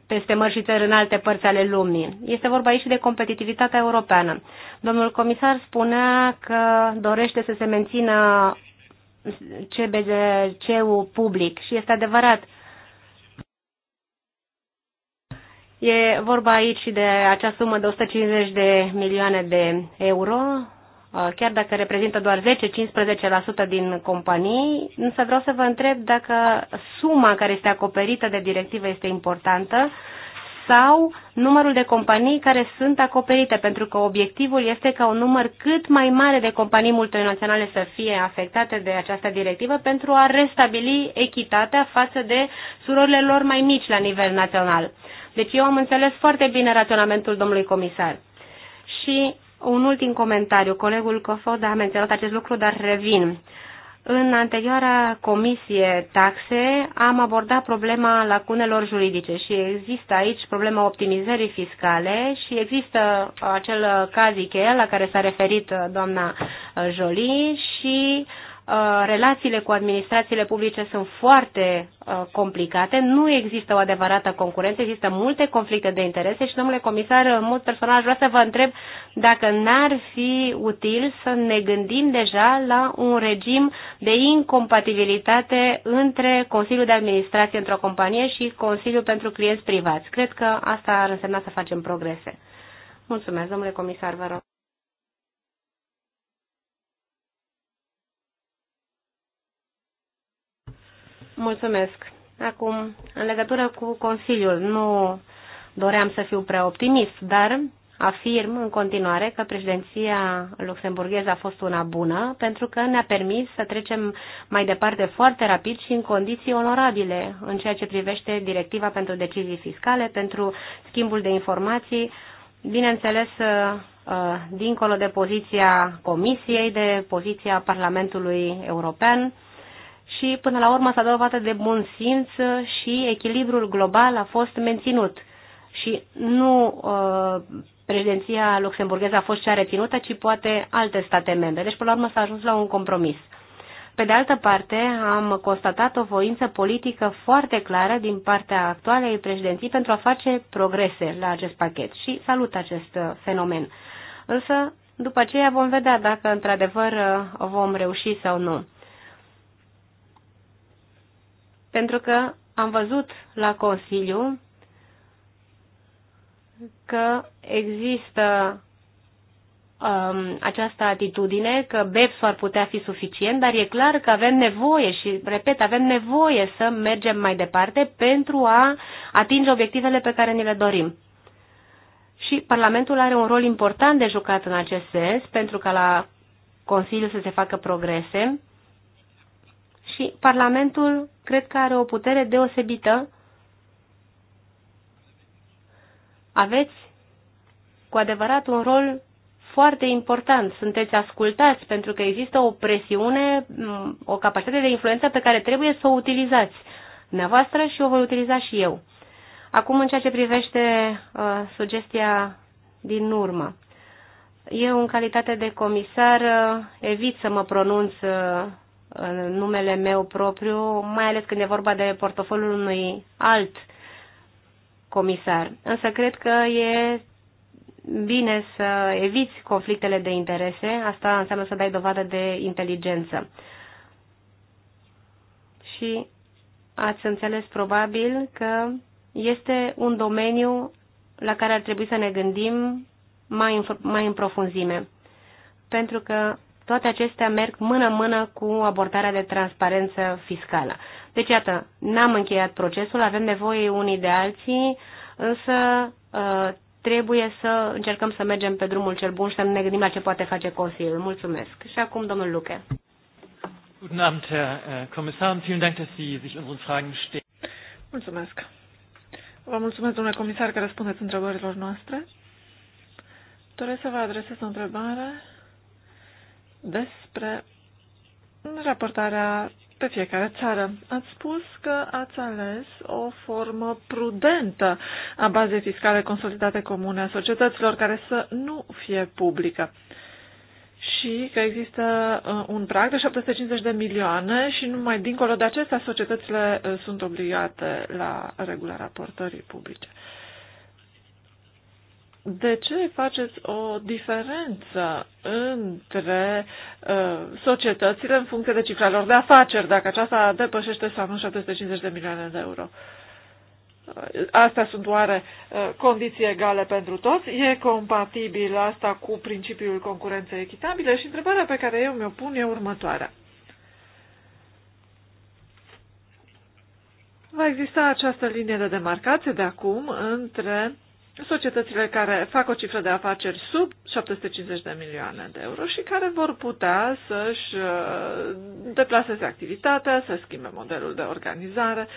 peste mări și țări în alte părți ale lumii. Este vorba aici și de competitivitatea europeană. Domnul comisar spunea că dorește să se mențină CBC-ul public și este adevărat. E vorba aici de acea sumă de 150 de milioane de euro, chiar dacă reprezintă doar 10-15% din companii, însă vreau să vă întreb dacă suma care este acoperită de directivă este importantă sau numărul de companii care sunt acoperite, pentru că obiectivul este ca un număr cât mai mare de companii multinaționale să fie afectate de această directivă pentru a restabili echitatea față de surorile lor mai mici la nivel național. Deci eu am înțeles foarte bine raționamentul domnului comisar. Și un ultim comentariu. Colegul Cofoda a menționat acest lucru, dar revin. În anterioara comisie taxe am abordat problema lacunelor juridice și există aici problema optimizării fiscale și există acel caz Ikea la care s-a referit doamna Jolie și uh, Uh, relațiile cu administrațiile publice sunt foarte uh, complicate, nu există o adevărată concurență, există multe conflicte de interese și, domnule comisar, în mod personal aș vrea să vă întreb dacă n-ar fi util să ne gândim deja la un regim de incompatibilitate între Consiliul de Administrație într-o companie și Consiliul pentru Clienți Privați. Cred că asta ar însemna să facem progrese. Mulțumesc, domnule comisar, vă rog. Mulțumesc. Acum, în legătură cu Consiliul, nu doream să fiu prea optimist, dar afirm în continuare că președinția luxemburgheză a fost una bună pentru că ne-a permis să trecem mai departe foarte rapid și în condiții onorabile în ceea ce privește directiva pentru decizii fiscale, pentru schimbul de informații, bineînțeles uh, dincolo de poziția Comisiei, de poziția Parlamentului European și până la urmă s-a dat dovadă de bun simț și echilibrul global a fost menținut. Și nu uh, președinția luxemburgheză a fost cea reținută, ci poate alte state membre. Deci, până la urmă, s-a ajuns la un compromis. Pe de altă parte, am constatat o voință politică foarte clară din partea actualei președinții pentru a face progrese la acest pachet și salut acest uh, fenomen. Însă, după aceea vom vedea dacă într-adevăr uh, vom reuși sau nu. Pentru că am văzut la Consiliu că există um, această atitudine că BEPS ar putea fi suficient, dar e clar că avem nevoie și, repet, avem nevoie să mergem mai departe pentru a atinge obiectivele pe care ni le dorim. Și Parlamentul are un rol important de jucat în acest sens, pentru ca la Consiliu să se facă progrese și Parlamentul cred că are o putere deosebită. Aveți cu adevărat un rol foarte important. Sunteți ascultați pentru că există o presiune, o capacitate de influență pe care trebuie să o utilizați dumneavoastră și o voi utiliza și eu. Acum, în ceea ce privește uh, sugestia din urmă, eu, în calitate de comisar, uh, evit să mă pronunț uh, în numele meu propriu, mai ales când e vorba de portofoliul unui alt comisar. Însă cred că e bine să eviți conflictele de interese, asta înseamnă să dai dovadă de inteligență. Și ați înțeles probabil că este un domeniu la care ar trebui să ne gândim mai în, mai în profunzime. Pentru că toate acestea merg mână-mână cu abordarea de transparență fiscală. Deci, iată, n-am încheiat procesul, avem nevoie unii de alții, însă ă, trebuie să încercăm să mergem pe drumul cel bun și să ne gândim la ce poate face Consiliul. Mulțumesc. Și acum, domnul Luche. Guten Abend, Herr äh, Kommissar. Vielen Dank, dass Sie sich unseren Fragen stellen. Mulțumesc. Vă mulțumesc, domnule comisar, că răspundeți întrebărilor noastre. Doresc să vă adresez o întrebare despre raportarea pe fiecare țară. Ați spus că ați ales o formă prudentă a bazei fiscale consolidate comune a societăților care să nu fie publică și că există uh, un prag de 750 de milioane și numai dincolo de acestea societățile uh, sunt obligate la regula raportării publice de ce faceți o diferență între uh, societățile în funcție de cifra lor de afaceri, dacă aceasta depășește sau nu 750 de milioane de euro? Uh, astea sunt oare uh, condiții egale pentru toți? E compatibil asta cu principiul concurenței echitabile? Și întrebarea pe care eu mi-o pun e următoarea. Va exista această linie de demarcație de acum între societățile care fac o cifră de afaceri sub 750 de milioane de euro și care vor putea să-și uh, deplaseze activitatea, să schimbe modelul de organizare,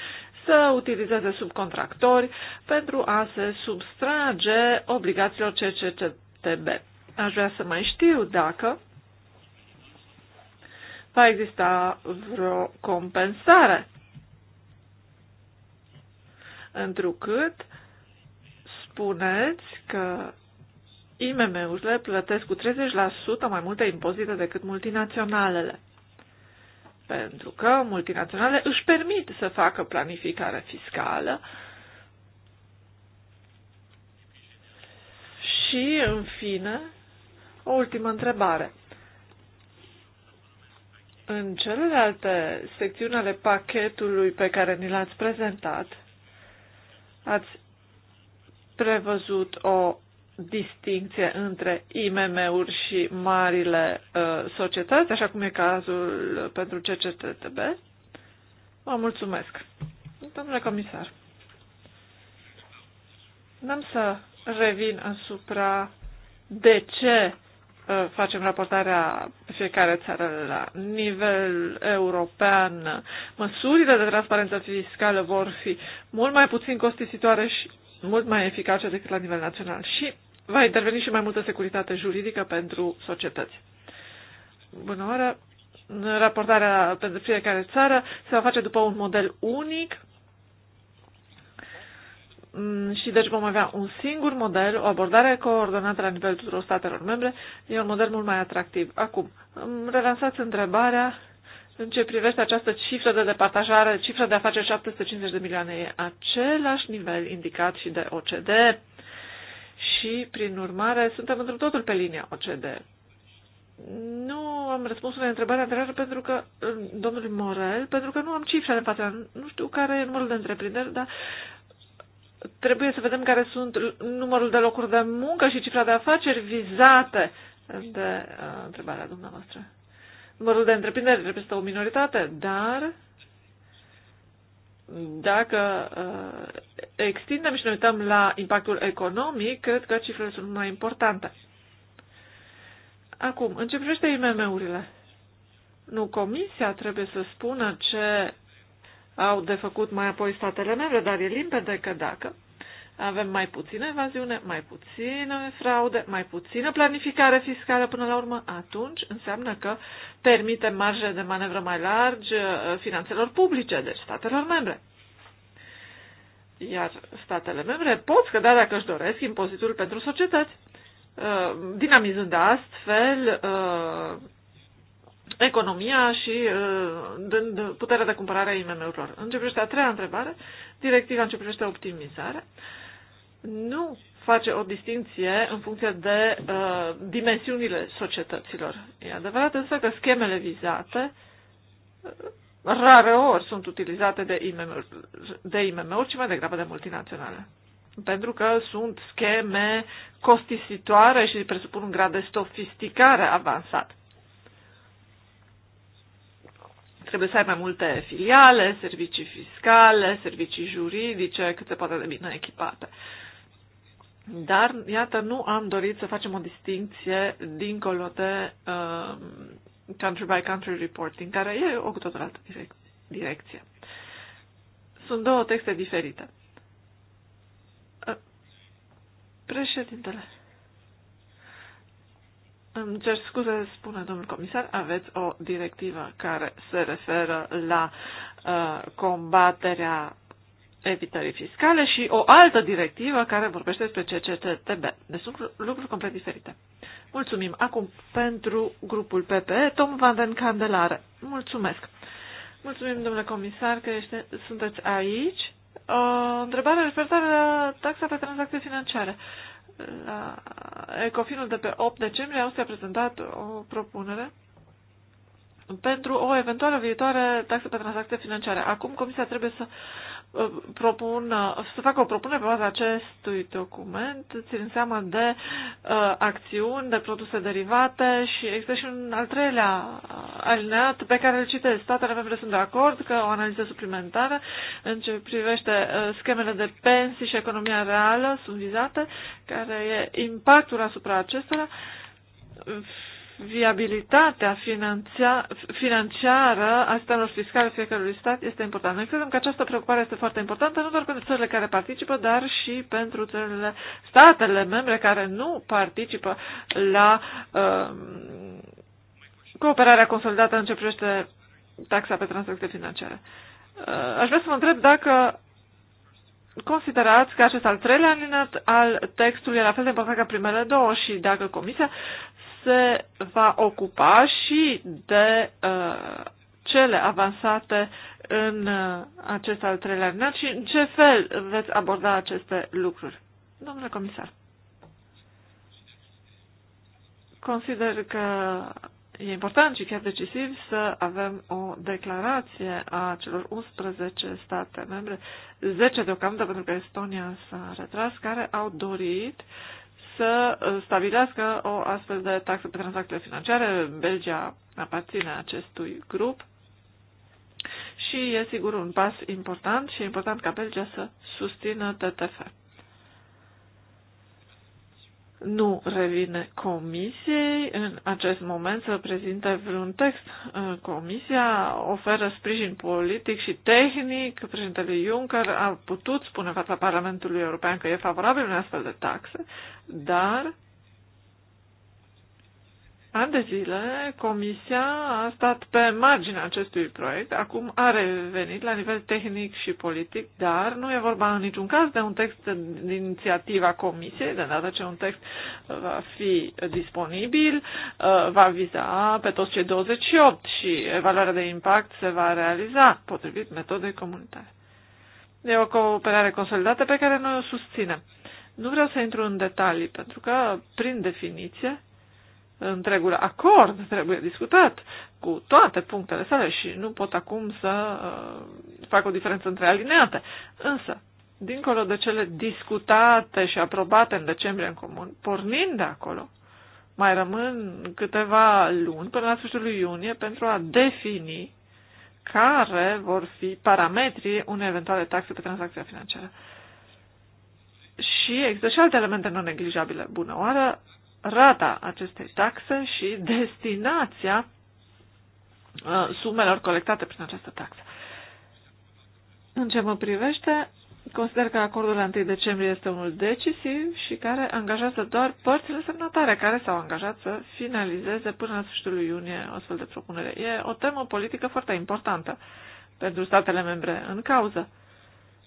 să utilizeze subcontractori pentru a se substrage obligațiilor CCCTB. Aș vrea să mai știu dacă va exista vreo compensare, întrucât spuneți că IMM-urile plătesc cu 30% mai multe impozite decât multinaționalele. Pentru că multinaționale își permit să facă planificare fiscală și, în fine, o ultimă întrebare. În celelalte secțiuni ale pachetului pe care ni l-ați prezentat, ați prevăzut o distinție între IMM-uri și marile uh, societăți, așa cum e cazul pentru CCTB. Vă mulțumesc. Domnule comisar, n-am să revin asupra de ce uh, facem raportarea fiecare țară la nivel european. Măsurile de transparență fiscală vor fi mult mai puțin costisitoare și mult mai eficace decât la nivel național și va interveni și mai multă securitate juridică pentru societăți. Bună oară! Raportarea pentru fiecare țară se va face după un model unic mm, și deci vom avea un singur model, o abordare coordonată la nivelul tuturor statelor membre, e un model mult mai atractiv. Acum, mm, relansați întrebarea în ce privește această cifră de departajare, cifra de afaceri 750 de milioane e același nivel indicat și de OCD și, prin urmare, suntem într totul pe linia OCD. Nu am răspuns la întrebarea anterioară pentru că, domnul Morel, pentru că nu am cifra în fața. Nu știu care e numărul de întreprinderi, dar trebuie să vedem care sunt numărul de locuri de muncă și cifra de afaceri vizate de uh, întrebarea dumneavoastră. Numărul de întreprinderi reprezintă o minoritate, dar dacă uh, extindem și ne uităm la impactul economic, cred că cifrele sunt mai importante. Acum, în ce privește IMM-urile? Nu comisia trebuie să spună ce au de făcut mai apoi statele membre, dar e limpede că dacă avem mai puțină evaziune, mai puțină fraude, mai puțină planificare fiscală până la urmă, atunci înseamnă că permite marge de manevră mai largi uh, finanțelor publice, deci statelor membre. Iar statele membre pot scădea, dacă își doresc, impozitul pentru societăți, uh, dinamizând astfel uh, economia și dând puterea de cumpărare a IMM-urilor. În ce privește a treia întrebare, directiva în ce privește optimizare, nu face o distinție în funcție de uh, dimensiunile societăților. E adevărat însă că schemele vizate uh, rare ori sunt utilizate de IMM-uri, de IMM-uri ci mai degrabă de multinaționale. Pentru că sunt scheme costisitoare și presupun un grad de sofisticare avansat. Trebuie să ai mai multe filiale, servicii fiscale, servicii juridice, cât se poate de bine echipate. Uh, dar, iată, nu am dorit să facem o distinție dincolo de um, country by country reporting, care e o cu totul altă direcție. Sunt două texte diferite. Uh, președintele. Îmi cer scuze, spune domnul comisar, aveți o directivă care se referă la uh, combaterea evitării fiscale și o altă directivă care vorbește despre CCTB. Deci sunt lucruri complet diferite. Mulțumim. Acum pentru grupul PPE, Tom Van Den Candelare. Mulțumesc. Mulțumim, domnule comisar, că ește, sunteți aici. O întrebare referitoare la taxa pe tranzacție financiare. La Ecofinul de pe 8 decembrie, au a prezentat o propunere pentru o eventuală viitoare taxă pe tranzacție financiare. Acum Comisia trebuie să Uh, propun, uh, să fac o propunere pe baza acestui document, ținând seama de uh, acțiuni, de produse derivate și există și un al treilea uh, alineat pe care îl citesc. Statele membre sunt de acord că o analiză suplimentară în ce privește uh, schemele de pensii și economia reală sunt vizate, care e impactul asupra acestora. Uh, viabilitatea financiară a statelor fiscale fiecărui stat este importantă. Noi credem că această preocupare este foarte importantă nu doar pentru țările care participă, dar și pentru țările, statele membre care nu participă la uh, cooperarea consolidată în ce privește taxa pe tranzacție financiare. Uh, aș vrea să vă întreb dacă considerați că acest al treilea alineat al textului e la fel de important ca primele două și dacă Comisia se va ocupa și de uh, cele avansate în uh, acest al treilea an și în ce fel veți aborda aceste lucruri. Domnule comisar, consider că e important și chiar decisiv să avem o declarație a celor 11 state membre, 10 deocamdată pentru că Estonia s-a retras, care au dorit să uh, stabilească o astfel de taxă pe tranzacțiile financiare. Belgia aparține acestui grup și e sigur un pas important și e important ca Belgia să susțină TTF nu revine comisiei în acest moment să prezinte vreun text. Comisia oferă sprijin politic și tehnic. Președintele Juncker a putut spune fața Parlamentului European că e favorabil în astfel de taxe, dar ani de zile, Comisia a stat pe marginea acestui proiect, acum a revenit la nivel tehnic și politic, dar nu e vorba în niciun caz de un text din inițiativa Comisiei, de data ce un text va fi disponibil, uh, va viza pe toți cei 28 și evaluarea de impact se va realiza potrivit metodei comunitare. E o cooperare consolidată pe care noi o susținem. Nu vreau să intru în detalii, pentru că, prin definiție, întregul acord trebuie discutat cu toate punctele sale și nu pot acum să uh, fac o diferență între alineate. Însă, dincolo de cele discutate și aprobate în decembrie în comun, pornind de acolo, mai rămân câteva luni până la sfârșitul lui iunie pentru a defini care vor fi parametrii unei eventuale taxe pe tranzacția financiară. Și există și alte elemente non-neglijabile. Bună oară, rata acestei taxe și destinația uh, sumelor colectate prin această taxă. În ce mă privește, consider că acordul la 1 decembrie este unul decisiv și care angajează doar părțile semnatare care s-au angajat să finalizeze până la sfârșitul lui iunie o astfel de propunere. E o temă politică foarte importantă pentru statele membre în cauză.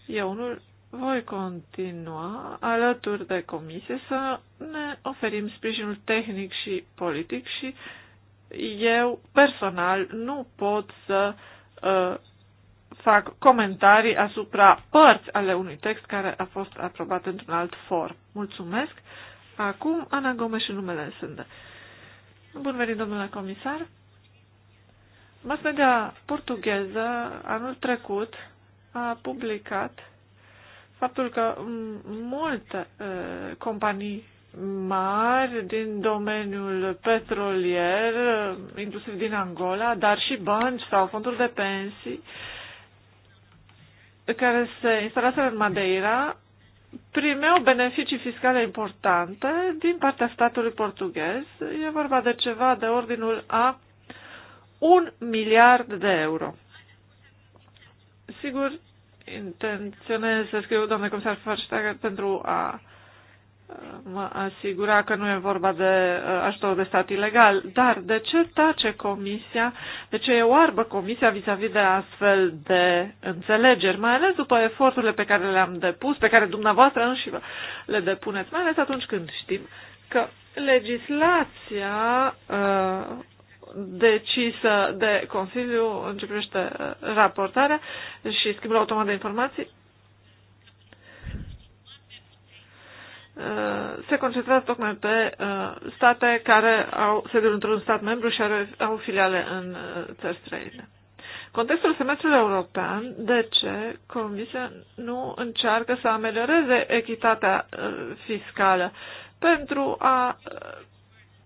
E unul voi continua alături de comisie să ne oferim sprijinul tehnic și politic și eu personal nu pot să uh, fac comentarii asupra părți ale unui text care a fost aprobat într-un alt for. Mulțumesc. Acum, Ana Gomes și numele sunt. Bun venit, domnule comisar. Mass media portugheză anul trecut a publicat faptul că multe companii mari din domeniul petrolier, inclusiv din Angola, dar și bănci sau fonduri de pensii, care se instalaseră în Madeira, primeau beneficii fiscale importante din partea statului portughez. E vorba de ceva de ordinul a un miliard de euro. Sigur, intenționez să scriu, doamne comisar Farșteagă, pentru a uh, mă asigura că nu e vorba de uh, ajutor de stat ilegal. Dar de ce tace comisia, de ce e oarbă comisia vis-a-vis -vis de astfel de înțelegeri, mai ales după eforturile pe care le-am depus, pe care dumneavoastră înși le depuneți, mai ales atunci când știm că legislația uh, decisă de Consiliu în ce privește uh, raportarea și schimbul automat de informații, uh, se concentrează tocmai pe uh, state care au sediul într-un stat membru și au filiale în țări străine. Contextul semestrului european, de ce Comisia nu încearcă să amelioreze echitatea fiscală pentru a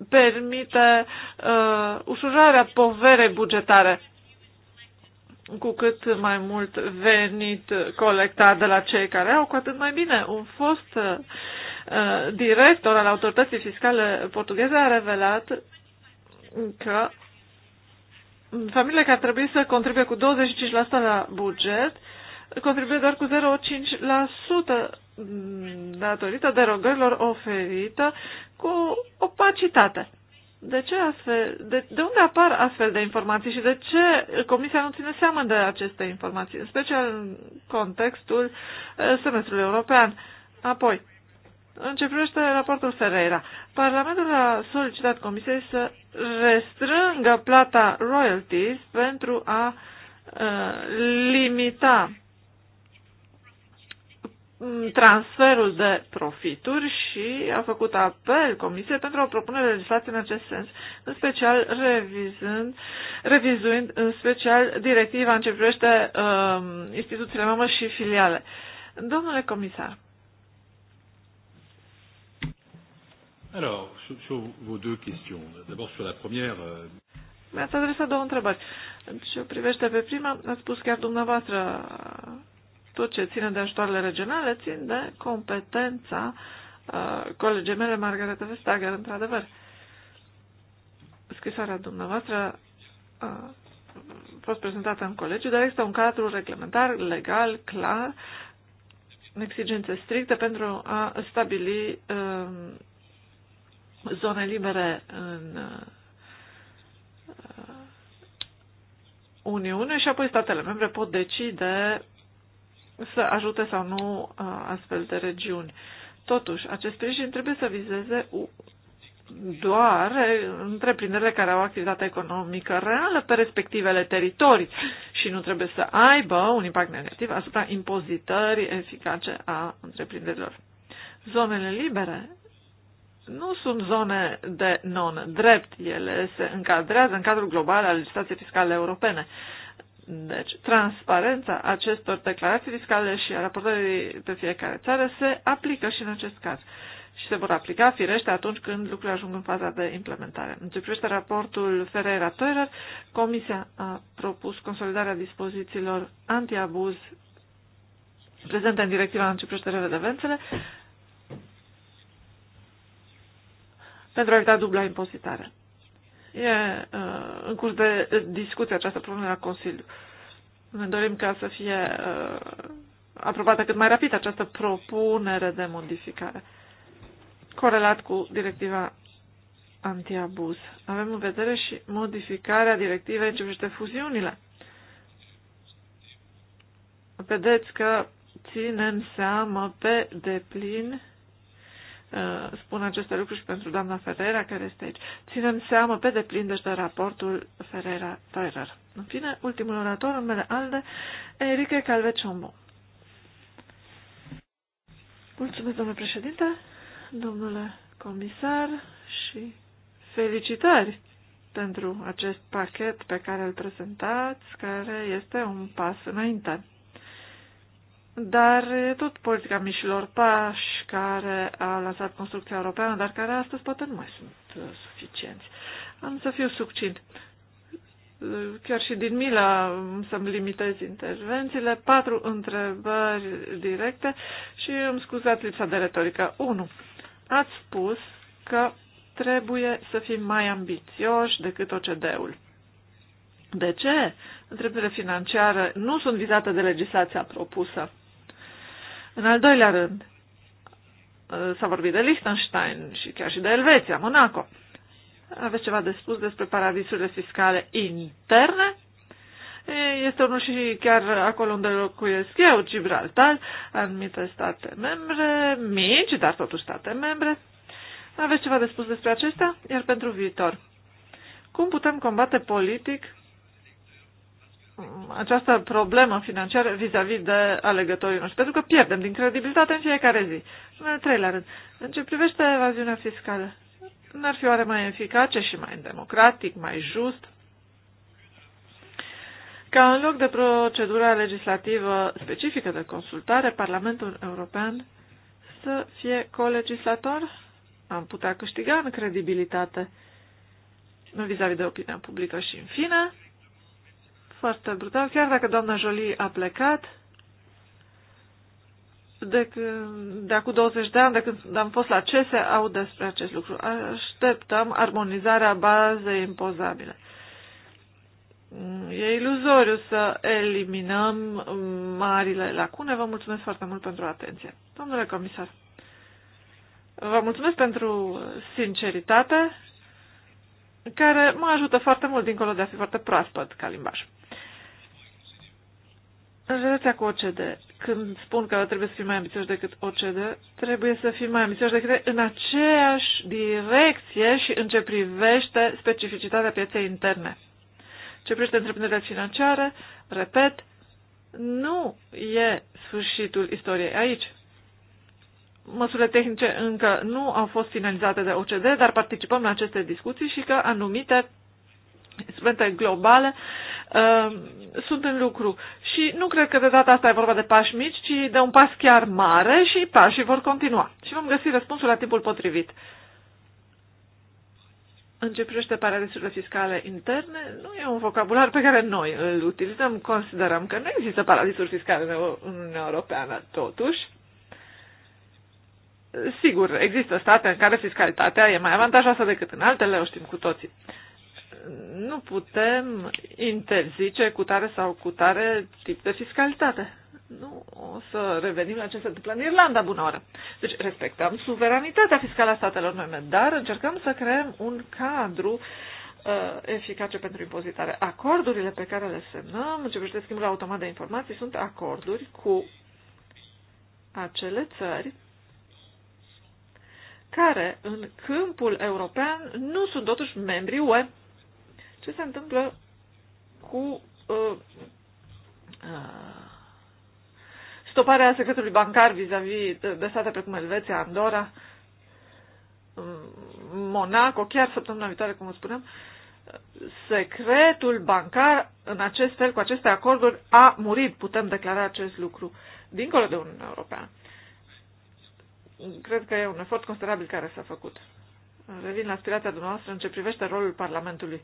permite uh, ușurarea poverei bugetare cu cât mai mult venit colectat de la cei care au, cu atât mai bine. Un fost uh, director al autorității fiscale portugheze a revelat că familiile care trebuie să contribuie cu 25% la buget contribuie doar cu 0,5% Mm, datorită derogărilor oferită cu opacitate. De ce astfel, de, de unde apar astfel de informații și de ce Comisia nu ține seama de aceste informații, în special în contextul eh, semestrului european? Apoi, în ce privește raportul Ferreira, Parlamentul a solicitat Comisiei să restrângă plata royalties pentru a uh, limita transferul de profituri și a făcut apel Comisiei pentru o propunere de legislație în acest sens, în special revizând, revizuind în special directiva în ce privește uh, instituțiile mamă și filiale. Domnule comisar. Alors, sur, sur vos deux questions. D'abord sur la première. Euh... Mi-ați adresat două Je În ce privește pe prima, je spus que dumneavoastră tot ce ține de ajutoarele regionale țin de competența uh, colegii mele, Margareta Vestager, într-adevăr. Scrisoarea dumneavoastră uh, a fost prezentată în colegiu, dar există un cadru reglementar, legal, clar, în exigențe stricte pentru a stabili um, zone libere în uh, Uniune și apoi statele membre pot decide să ajute sau nu uh, astfel de regiuni. Totuși, acest sprijin trebuie să vizeze doar întreprinderile care au activitate economică reală pe respectivele teritorii și nu trebuie să aibă un impact negativ asupra impozitării eficace a întreprinderilor. Zonele libere nu sunt zone de non-drept, ele se încadrează în cadrul global al legislației fiscale europene. Deci, transparența acestor declarații fiscale și a raportării pe fiecare țară se aplică și în acest caz și se vor aplica, firește, atunci când lucrurile ajung în faza de implementare. În ce privește raportul ferreira Toerer, Comisia a propus consolidarea dispozițiilor antiabuz prezente în directiva în ce privește revedevențele pentru a evita dubla impozitare. E în curs de discuție această problemă la Consiliu. Ne dorim ca să fie aprobată cât mai rapid această propunere de modificare, corelat cu directiva antiabuz. Avem în vedere și modificarea directivei în ce privește fuziunile. Vedeți că ținem seamă pe deplin Uh, spun aceste lucruri și pentru doamna Ferreira, care este aici. Ținem seama pe deplin deci, de raportul Ferreira-Teurer. În fine, ultimul orator, numele ALDE, Enrique Calveciombo. Mulțumesc, domnule președinte, domnule comisar și felicitări pentru acest pachet pe care îl prezentați, care este un pas înainte dar tot politica mișilor pași care a lansat construcția europeană, dar care astăzi poate nu mai sunt uh, suficienți. Am să fiu succint. Chiar și din mila să-mi limitez intervențiile. Patru întrebări directe și îmi scuzați lipsa de retorică. 1. Ați spus că trebuie să fim mai ambițioși decât OCD-ul. De ce? Întrebările financiare nu sunt vizate de legislația propusă. În al doilea rând, uh, s-a vorbit de Liechtenstein și chiar și de Elveția, Monaco. Aveți ceva de spus despre paradisurile fiscale interne? Este unul și chiar acolo unde locuiesc eu, Gibraltar, anumite state membre, mici, dar totuși state membre. Aveți ceva de spus despre acestea? Iar pentru viitor, cum putem combate politic această problemă financiară vis-a-vis -vis de alegătorii noștri, pentru că pierdem din credibilitate în fiecare zi. În al treilea rând, în ce privește evaziunea fiscală, n-ar fi oare mai eficace și mai democratic, mai just, ca în loc de procedura legislativă specifică de consultare, Parlamentul European să fie colegislator? Am putea câștiga în credibilitate vis-a-vis -vis de opinia publică și, în fine, foarte brutal, chiar dacă doamna Jolie a plecat, de, de acum 20 de ani, de când am fost la CESE, aud despre acest lucru. Așteptăm armonizarea bazei impozabile. E iluzoriu să eliminăm marile lacune. Vă mulțumesc foarte mult pentru atenție. Domnule comisar, vă mulțumesc pentru sinceritate, care mă ajută foarte mult dincolo de a fi foarte proaspăt ca limbaj. În relația cu OCD, când spun că trebuie să fim mai ambițioși decât OCD, trebuie să fim mai ambițioși decât în aceeași direcție și în ce privește specificitatea pieței interne. Ce privește întreprinderile financiare, repet, nu e sfârșitul istoriei aici. Măsurile tehnice încă nu au fost finalizate de OCD, dar participăm la aceste discuții și că anumite instrumente globale uh, sunt în lucru. Și nu cred că de data asta e vorba de pași mici, ci de un pas chiar mare și pașii vor continua. Și vom găsi răspunsul la timpul potrivit. În ce privește paradisurile fiscale interne, nu e un vocabular pe care noi îl utilizăm. Considerăm că nu există paradisuri fiscale în Uniunea Europeană. Totuși, sigur, există state în care fiscalitatea e mai avantajoasă decât în altele, o știm cu toții nu putem interzice cu tare sau cu tare tip de fiscalitate. Nu o să revenim la ce se întâmplă în Irlanda, bună oră. Deci respectăm suveranitatea fiscală a statelor noi, dar încercăm să creăm un cadru uh, eficace pentru impozitare. Acordurile pe care le semnăm, în ce privește schimbul automat de informații, sunt acorduri cu acele țări care în câmpul european nu sunt totuși membri UE ce se întâmplă cu uh, uh, stoparea secretului bancar vis-a-vis -vis de state precum Elveția, Andorra, mm, Monaco, chiar săptămâna viitoare, cum spunem, secretul bancar în acest fel, cu aceste acorduri, a murit, putem declara acest lucru, dincolo de Uniunea Europeană. Cred că e un efort considerabil care s-a făcut. Revin la aspirația dumneavoastră în ce privește rolul Parlamentului. Uh,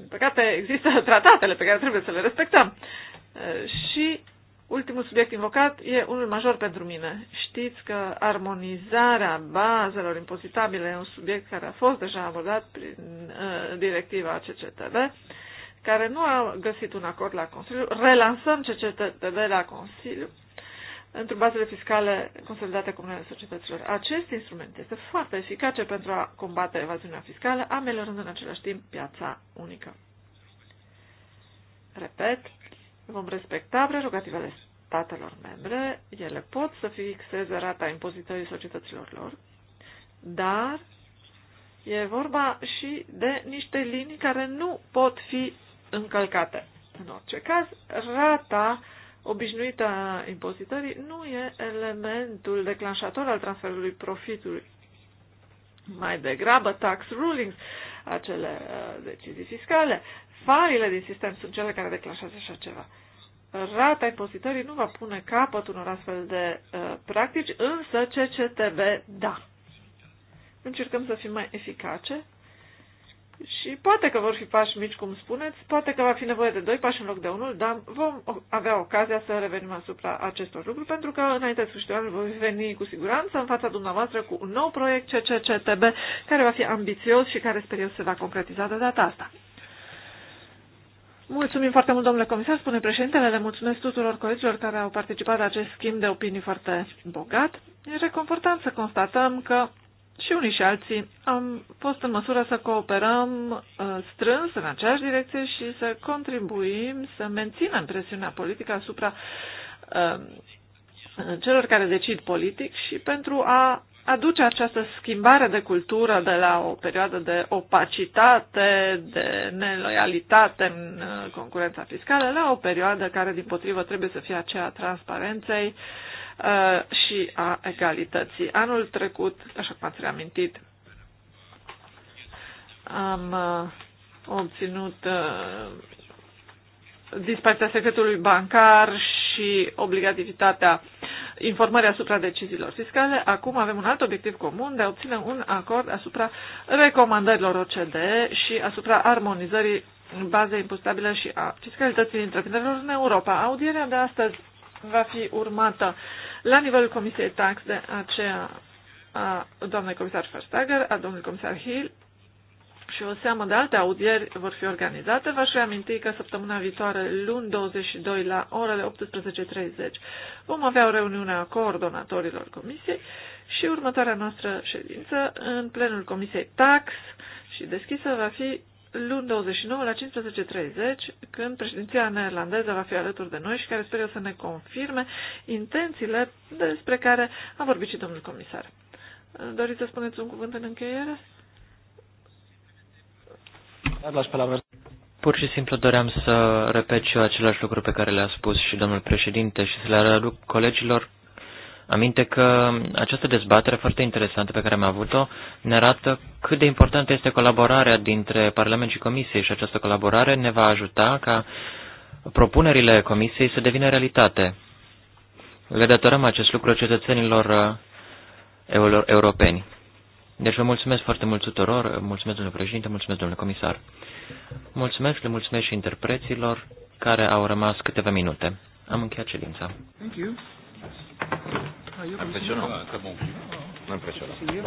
în păcate, există <laughs> tratatele pe care trebuie să le respectăm. Și ultimul subiect invocat e unul major pentru mine. Știți că armonizarea bazelor impozitabile e un subiect care a fost deja abordat prin directiva CCTV, care nu a găsit un acord la Consiliu. Relansăm CCTV la Consiliu într-o bazele fiscale consolidate comunale societăților. Acest instrument este foarte eficace pentru a combate evaziunea fiscală, ameliorând în același timp piața unică. Repet, vom respecta prerogativele statelor membre, ele pot să fixeze rata impozitării societăților lor, dar e vorba și de niște linii care nu pot fi încălcate. În orice caz, rata uh, obișnuită a impozitării nu e elementul declanșator al transferului profitului. Mai degrabă, tax rulings, acele uh, decizii fiscale, falile din sistem sunt cele care declanșează așa ceva. Rata impozitării nu va pune capăt unor astfel de uh, practici, însă CCTB da. Încercăm să fim mai eficace și poate că vor fi pași mici, cum spuneți, poate că va fi nevoie de doi pași în loc de unul, dar vom avea ocazia să revenim asupra acestor lucruri, pentru că înainte de sfârșitul anului voi veni cu siguranță în fața dumneavoastră cu un nou proiect CCCTB, care va fi ambițios și care sper eu se va concretiza de data asta. Mulțumim foarte mult, domnule comisar, spune președintele, le mulțumesc tuturor colegilor care au participat la acest schimb de opinii foarte bogat. E reconfortant să constatăm că și unii și alții am fost în măsură să cooperăm uh, strâns în aceeași direcție și să contribuim să menținem presiunea politică asupra uh, celor care decid politic și pentru a aduce această schimbare de cultură de la o perioadă de opacitate, de neloialitate în uh, concurența fiscală, la o perioadă care, din potrivă, trebuie să fie aceea a transparenței uh, și a egalității. Anul trecut, așa cum ați reamintit, am uh, obținut dispartea secretului bancar și obligativitatea informări asupra deciziilor fiscale. Acum avem un alt obiectiv comun de a obține un acord asupra recomandărilor OCDE și asupra armonizării bazei impustabile și a fiscalității întreprinderilor în Europa. Audierea de astăzi va fi urmată la nivelul Comisiei Tax de aceea a doamnei comisar Verstager, a domnului comisar Hill și o seamă de alte audieri vor fi organizate. V-aș reaminti că săptămâna viitoare, luni 22 la orele 18.30, vom avea o reuniune a coordonatorilor comisiei și următoarea noastră ședință în plenul comisiei TAX și deschisă va fi luni 29 la 15.30, când președinția neerlandeză va fi alături de noi și care sper eu să ne confirme intențiile despre care a vorbit și domnul comisar. Doriți să spuneți un cuvânt în încheiere? Pur și simplu doream să repet și eu același lucru pe care le-a spus și domnul președinte și să le aduc colegilor aminte că această dezbatere foarte interesantă pe care am avut-o ne arată cât de importantă este colaborarea dintre Parlament și Comisie și această colaborare ne va ajuta ca propunerile Comisiei să devină realitate. Le datorăm acest lucru cetățenilor uh, europeni. Deci vă mulțumesc foarte mult tuturor, mulțumesc domnule președinte, mulțumesc domnule comisar. Mulțumesc, le mulțumesc și interpreților care au rămas câteva minute. Am încheiat ședința. Thank you. Impresionant.